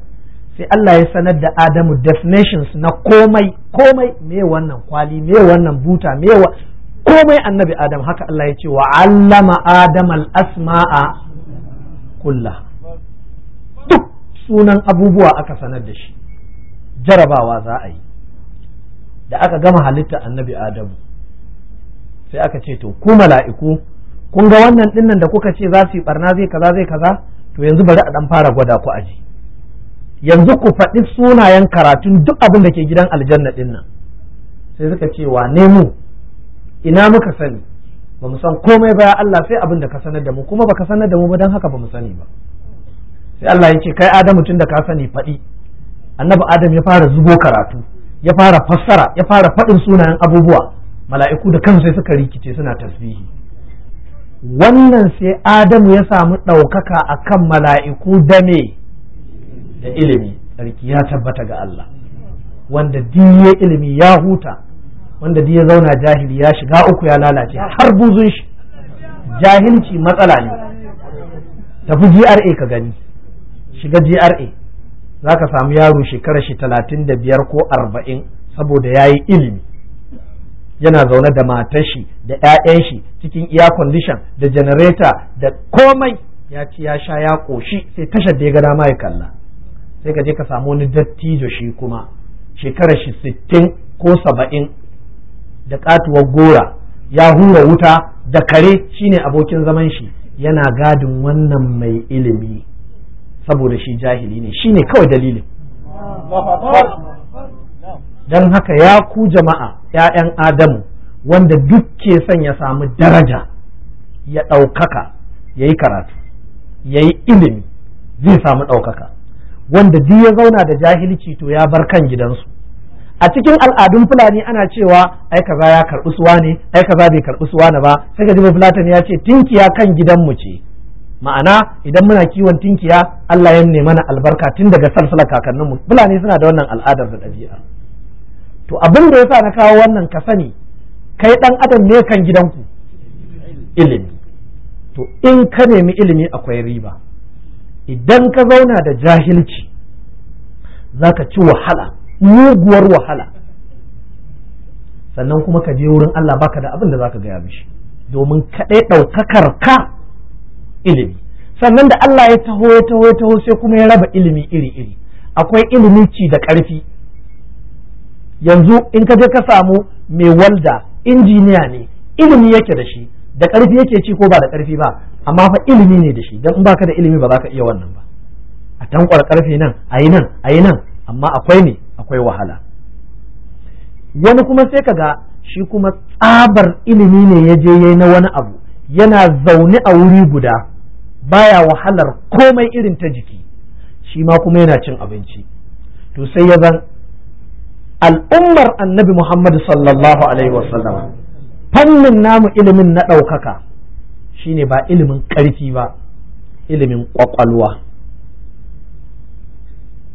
sai Allah ya sanar da Adamu definitions na komai komai me wannan kwali me wannan buta me komai annabi adam haka Allah ya ce wa allama adam al-asma'a kulla duk sunan abubuwa aka sanar da shi jarabawa za a yi da aka gama halitta annabi adamu sai aka ce to ku mala'iku kun ga wannan dinnan da kuka ce za su yi barna zai kaza zai kaza to yanzu bari a dan fara gwada ku aji yanzu ku faɗi sunayen karatun duk abin da ke gidan aljanna dinnan sai suka ce wa ne mu ina muka sani ba mu san komai ba Allah sai abin da ka sanar da mu kuma ba ka sanar da mu ba don haka ba mu sani ba sai Allah ya ce kai Adamu tun da ka sani faɗi annabi Adam ya fara zubo karatu ya fara fassara ya fara faɗin sunayen abubuwa mala'iku da kansu sai suka rikice suna tasbihi wannan sai Adamu ya samu ɗaukaka akan mala'iku da me da ilimi tsarki ya tabbata ga Allah wanda diye ilimi ya huta wanda duk ya zauna jahili ya shiga uku ya lalace har buzun shi jahilci matsala ne tafi GRA ka gani shiga GRA za ka samu yaro shekarar shi talatin da biyar ko arba'in saboda ya yi ilimi yana zaune da matashi da 'ya'yan shi cikin iya condition da janareta da komai ya ci ya sha ya ƙoshi sai tashar da ya ga dama ya kalla sai ka je ka samu wani dattijo shi kuma shekarar shi sittin ko saba'in da katuwar gora ya hura wuta da kare shine abokin zaman shi yana gadin wannan mai ilimi saboda shi jahili ne shine kawai dalilin don haka ya ku jama'a 'ya'yan adamu wanda duk ke son ya samu daraja ya ɗaukaka ya yi karatu ya yi ilimi zai samu ɗaukaka wanda duk ya zauna da jahilci to ya bar kan gidansu a cikin al'adun fulani ana cewa ai kaza ya karɓi suwa ne ai kaza bai karɓi suwa ne ba sai ga ji fulatan ya ce tinkiya kan gidan mu ce ma'ana idan muna kiwon tinkiya Allah ya nemi mana albarka tun daga salsala kakanninmu fulani suna da wannan al'adar da ɗabi'a to abin da yasa na kawo wannan ka sani kai dan adam ne kan gidanku ilimi to in ka nemi ilimi akwai riba idan ka zauna da jahilci zaka ci wahala muguwar wahala sannan kuma ka je wurin Allah baka da abin da zaka gaya mishi domin kaɗai ɗaukakar ka ilimi sannan da Allah ya taho ya taho ya taho sai kuma ya raba ilimi iri iri akwai ilimi ci da ƙarfi yanzu in ka je ka samu mai walda injiniya ne ilimi yake da shi da ƙarfi yake ci ko ba da ƙarfi ba amma fa ilimi ne da shi don in baka da ilimi ba za ka iya wannan ba a tankwar ƙarfe nan a yi nan a yi nan amma akwai ne akwai wahala wani kuma sai ka ga shi kuma tsabar ilimi ne ya je yayi na wani abu yana zaune a wuri guda baya wahalar komai irin ta jiki shi ma kuma yana cin abinci to sai ya zan al'ummar annabi Muhammad sallallahu alaihi wasallam fannin namu ilimin na ɗaukaka shine ba ilimin ƙarfi ba ilimin ƙwaƙwalwa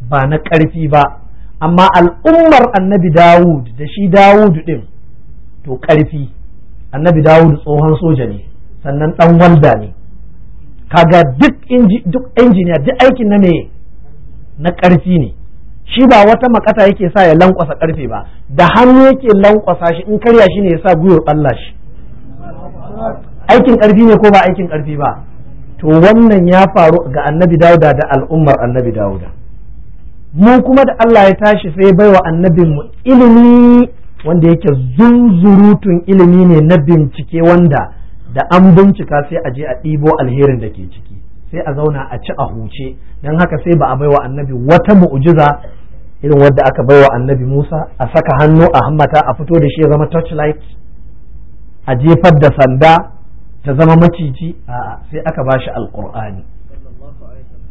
ba na ƙarfi ba amma al'ummar annabi dawud da shi dawud din to karfi annabi dawud tsohon soja ne sannan dan walda ne kaga duk duk injiniya duk aikin na ne na karfi ne shi ba wata makata yake sa ya lankwasa karfe ba da hannu yake lankwasa shi in karya shi ne ya sa gwiwar Allah shi aikin karfi ne ko ba aikin karfi ba to wannan ya faru ga annabi dauda da al'ummar annabi dauda mu kuma da Allah ya tashi sai baiwa annabinmu ilimi wanda yake zunzurutun ilimi ne na bincike wanda da an bincika sai a je a ɗibo alherin da ke ciki sai a zauna a ci a huce don haka sai ba a baiwa annabi wata mu'ujiza irin wadda aka bai wa annabi Musa a saka hannu a hammata a fito da shi ya zama torchlight a jefar da sanda ta zama maciji a'a sai aka ba shi Alƙur'ani.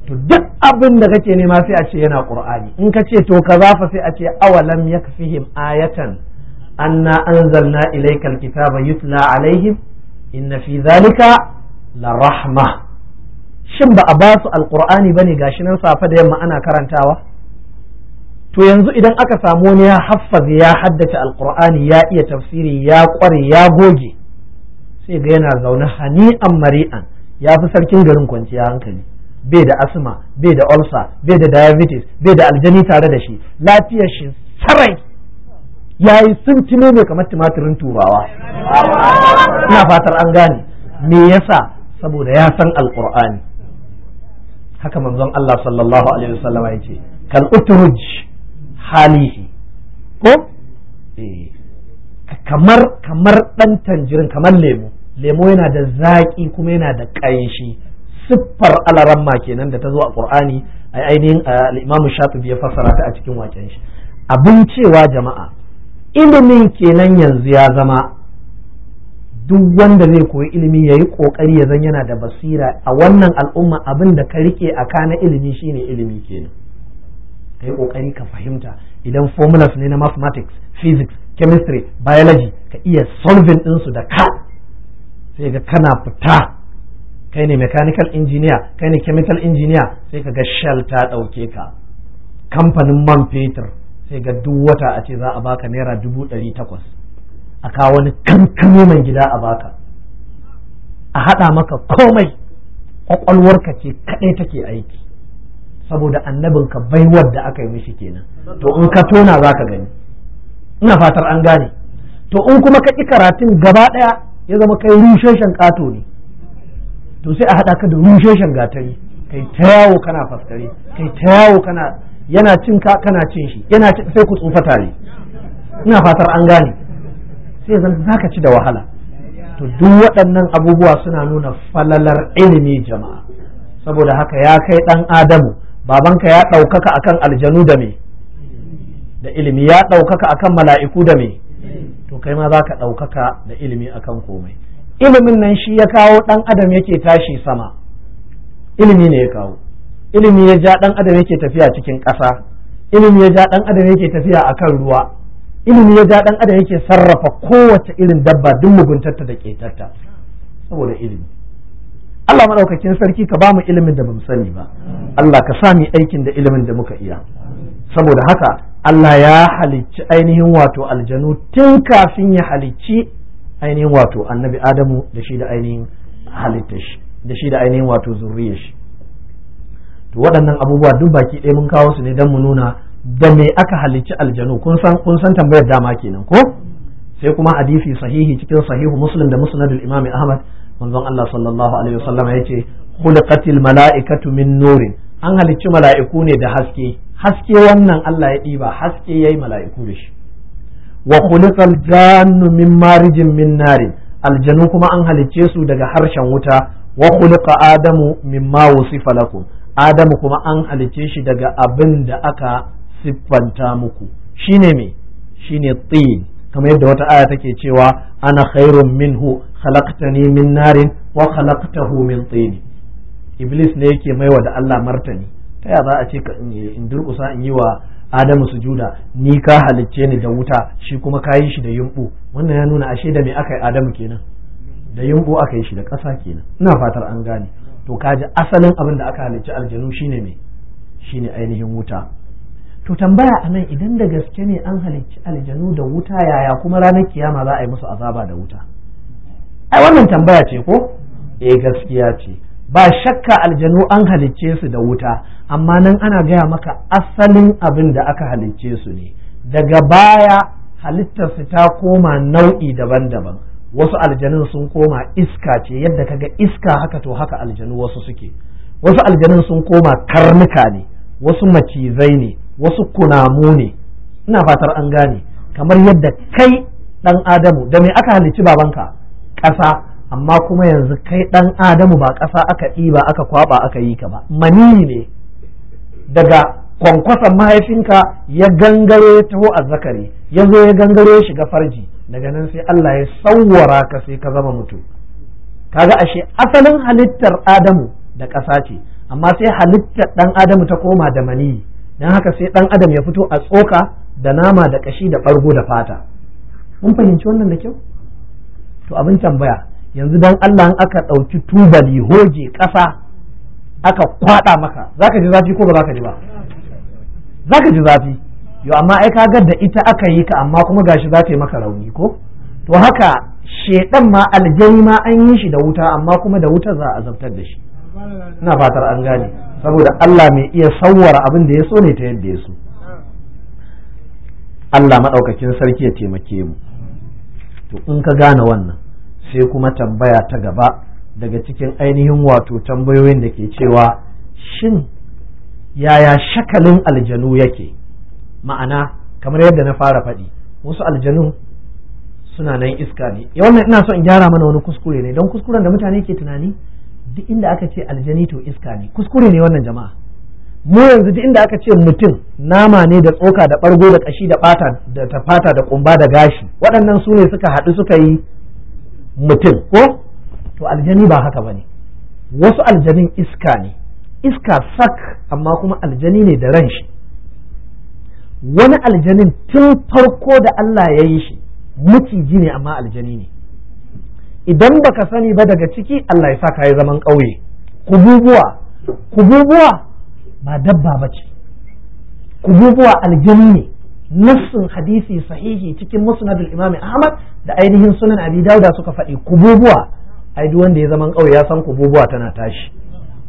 to duk abin da kake nema sai a ce yana qur'ani in ka ce to kaza fa sai a ce awalam yakfihim ayatan anna anzalna ilayka alkitaba yutla alaihim inna fi zalika la rahma shin ba a ba su alqur'ani bane gashi nan safa da yamma ana karantawa to yanzu idan aka samu wani ya haffaz ya haddace alqur'ani ya iya tafsiri ya kware ya goge sai ga yana zaune hani'an mari'an ya fi sarkin garin kwanciya hankali bai da asma bai da ulcer bai da diabetes bai da aljani tare da shi lafiyar shi sarai yayi sun tino ne kamar tumaturin turawa ina fatar an gane me yasa saboda ya san alqur'ani haka manzon Allah sallallahu alaihi wasallam ya kal utruj halihi ko eh. kamar kamar dan tanjirin kamar lemo lemo yana da zaƙi kuma yana da ƙanshi siffar alaramma kenan da ta zo a qur'ani ai ainihin al-imamu shatibi ya fassara ta a cikin waken shi abin cewa jama'a ilimin kenan yanzu ya zama duk wanda zai koyi ilimi ya yi kokari ya zan yana da basira a wannan al'umma abin da ka rike a kana ilimi shine ilimi kenan ka yi kokari ka fahimta idan formulas ne na mathematics physics chemistry biology ka iya solving ɗinsu da ka sai ga kana fita kai ne mechanical engineer kai ne chemical engineer sai ka ga shell ta ɗauke ka kamfanin man fetur sai ga duk wata a ce za a baka naira dubu ɗari takwas a kawo wani kankano mai gida a baka a haɗa maka komai ƙwaƙwalwarka ce kaɗai take aiki saboda annabin ka baiwar da aka yi mishi kenan to in ka tona za ka gani ina fatar an gane to in kuma ka ƙi karatun gaba ɗaya ya zama kai shan ƙato ne to sai a haɗa ka da rusheshen gatari kai ta yawo kana faskare kai ta yawo kana yana cin ka kana cin shi yana sai ku tsufa tare ina fatar an gane sai zan zaka ci da wahala to duk waɗannan abubuwa suna nuna falalar ilimi jama'a saboda haka ya kai ɗan adamu babanka ya ɗaukaka akan aljanu da me da ilimi ya ɗaukaka akan mala'iku da me to kai ma za ka ɗaukaka da ilimi akan komai ilimin nan shi ya kawo ɗan adam yake tashi sama ilimi ne ya kawo ilimi ya ja ɗan adam yake tafiya cikin ƙasa ilimi ya ja ɗan adam yake tafiya a kan ruwa ilimi ya ja ɗan adam yake sarrafa kowace irin dabba duk muguntarta da ƙetarta saboda ilimi Allah maɗaukakin sarki ka ba mu ilimin da bamu sani ba Allah ka sa mu aikin da ilimin da muka iya saboda haka Allah ya halicci ainihin wato aljanu tun kafin ya halicci ainihin wato annabi adamu da shi da ainihin halitta shi da shi da ainihin wato zuriyar shi to waɗannan abubuwa duk baki ɗaya mun kawo su ne don mu nuna da me aka halicci aljanu kun san kun san tambayar dama kenan ko sai kuma hadisi sahihi cikin sahihu muslim da musnadul imami ahmad manzon Allah sallallahu alaihi wasallam yace khulqatil mala'ikatu min nurin an halicci mala'iku ne da haske haske wannan Allah ya ɗiba haske yayi mala'iku da shi wa khuliqal jannu min marijin min narin aljanu kuma an halicce su daga harshen wuta wa khuliqa adamu min ma wasifa lakum adamu kuma an halicce shi daga abinda aka siffanta muku shine me shine tin kamar yadda wata aya take cewa ana khairun minhu khalaqtani min narin wa khalaqtahu min tin iblis ne yake maiwa da Allah martani ta ya za a ce ka in durkusa in yi wa adamu sujuda ni ka halicce ni da wuta shi kuma ka yi shi da yumbu wannan ya nuna ashe da me aka yi adamu kenan da yumbu aka yi shi da ƙasa kenan ina fatar an gane to kaji asalin abin da aka halicci aljanu shine me shine ainihin wuta to tambaya a nan idan da gaske ne an halicci aljanu da wuta yaya kuma ranar kiyama za a yi musu azaba da wuta ai wannan tambaya ce ko eh gaskiya ce ba shakka aljanu an halicce su da wuta amma nan ana gaya maka asalin abin da aka halicce su ne daga baya halittar su ta koma nau'i daban-daban wasu aljanun sun koma iska ce yadda kaga iska haka to haka aljanu wasu suke wasu aljanun sun koma karnuka ne wasu macizai ne wasu kunamu ne ina fatar an gane kamar yadda kai dan adamu da me aka halicci babanka ƙasa amma kuma yanzu kai dan adamu ba ƙasa aka ɗiba aka kwaba aka yi ka ba mani ne daga kwankwasan mahaifinka ya gangare ya taho zakari ya zo ya gangare ya shiga farji daga nan sai Allah ya sauwara ka sai ka zama mutum kaga ashe asalin halittar adamu da ƙasa ce amma sai halittar ɗan adamu ta koma da mani don haka sai ɗan adam ya fito a tsoka da nama da ƙashi da ɓargo da fata mun fahimci wannan da kyau to abin tambaya yanzu dan Allah in aka ɗauki tubali hoje ƙasa aka kwada maka zaka ji zafi ko ba zaka ji ba zaka ji zafi yo amma ai kaga da ita aka yi ka amma kuma gashi za ta yi maka rauni ko to haka shedan ma aljani ma an yi shi da wuta amma kuma da wuta za a zabtar da shi ina fatar an gane saboda Allah mai iya sawwara abin da ya so ne ta yadda ya so Allah maɗaukakin sarki ya taimake mu to in ka gane wannan sai kuma tambaya ta gaba daga cikin ainihin wato tambayoyin da ke cewa shin yaya shakalin aljanu yake ma'ana kamar yadda na fara faɗi wasu aljanu suna nan iska ne eh, wannan ina son gyara mana wani kuskure ne don kuskuren da mutane ke tunani duk inda aka ce aljani to iska ne kuskure ne wannan jama'a mu yanzu duk inda aka ce mutum nama ne da tsoka da bargo da kashi da fata da tafata da kumba da gashi waɗannan su ne suka haɗu suka yi mutum ko to aljani ba haka bane wasu aljanin iska ne iska sak amma kuma aljani ne da ran shi wani aljanin tun farko da Allah ya yi shi maciji ne amma aljani ne idan baka sani ba daga ciki Allah ya sa ka yi zaman ƙauye kububuwa kububuwa ba dabba ba ce kububuwa aljani ne Nassun hadisi sahihi cikin musnadul imami ahmad da ainihin sunan abi dauda suka faɗi kububuwa ai duk wanda ya zaman ƙauye ya san kububuwa tana tashi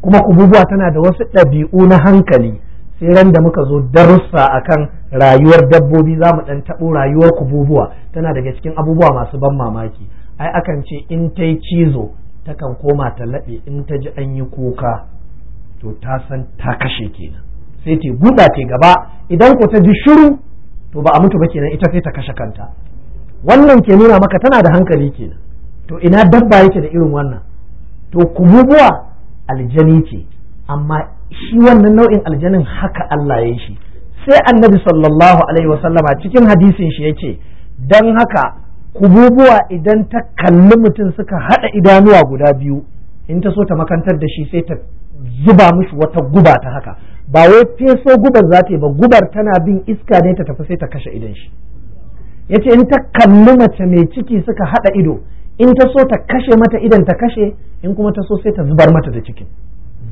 kuma kububuwa tana da wasu ɗabi'u na hankali sai ran da muka zo darussa akan rayuwar dabbobi za mu ɗan taɓo rayuwar kububuwa tana daga cikin abubuwa masu ban mamaki ai akan ce in ta yi cizo takan koma ta laɓe in ta ji an yi kuka to ta san ta kashe kenan sai ta buɗa ta gaba idan ko ta ji shiru to ba a mutu ba kenan ita sai ta kashe kanta wannan ke nuna maka tana da hankali kenan to ina dabba yake da irin wannan to kububuwa aljani ce amma shi wannan nau'in aljanin haka Allah ya yi shi sai annabi sallallahu alaihi wasallama cikin hadisin shi yace dan haka kububuwa idan ta kalli mutum suka haɗa idanuwa guda biyu in ta so ta makantar da shi sai ta zuba mishi wata guba ta haka ba wai feso gubar za ta yi ba gubar tana bin iska ne ta tafi sai ta kashe idan shi yace in ta kalli mace mai ciki suka haɗa ido in ta so ta kashe mata idan ta kashe in kuma ta so sai ta zubar mata da cikin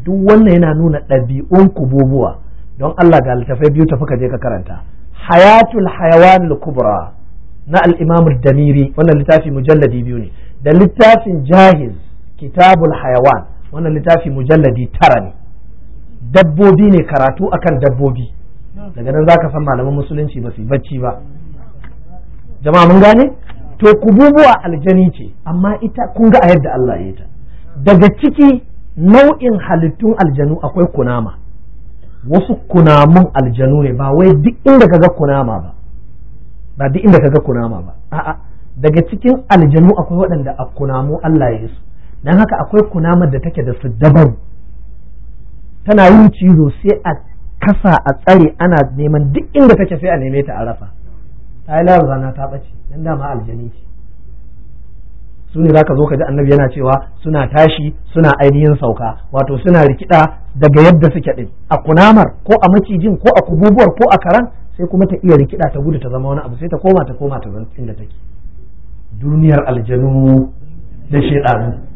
duk wannan yana nuna ɗabi'un kububuwa don Allah ga littafai biyu tafi ka je ka karanta hayatul hayawan kubra na al-imam damiri wannan littafi mujalladi biyu ne da littafin jahiz kitabul hayawan wannan littafi mujalladi tara ne dabbobi ne karatu akan dabbobi daga nan zaka san malaman musulunci ba su bacci ba jama'a mun gane to kububuwa aljani ce amma ita kun ga a yadda Allah ya ta daga ciki nau'in halittun aljanu akwai kunama wasu kunamun aljanu ne ba wai duk inda kaga kunama ba ba duk inda kaga kunama ba a'a daga cikin aljanu akwai waɗanda a kunamu Allah ya su dan haka akwai kunamar da take da su daban tana yin cizo sai a kasa a tsare ana neman duk inda take sai a neme ta a rasa ta yi rana ta ɓace dan dama aljani ce su ne zaka zo ka ji annabi yana cewa suna tashi suna ainihin sauka wato suna rikida daga yadda suke din a kunamar ko a macijin ko a kububuwar ko a karan sai kuma ta iya rikida ta gudu ta zama wani abu sai ta koma ta koma ta zan inda take duniyar aljanu da shedanu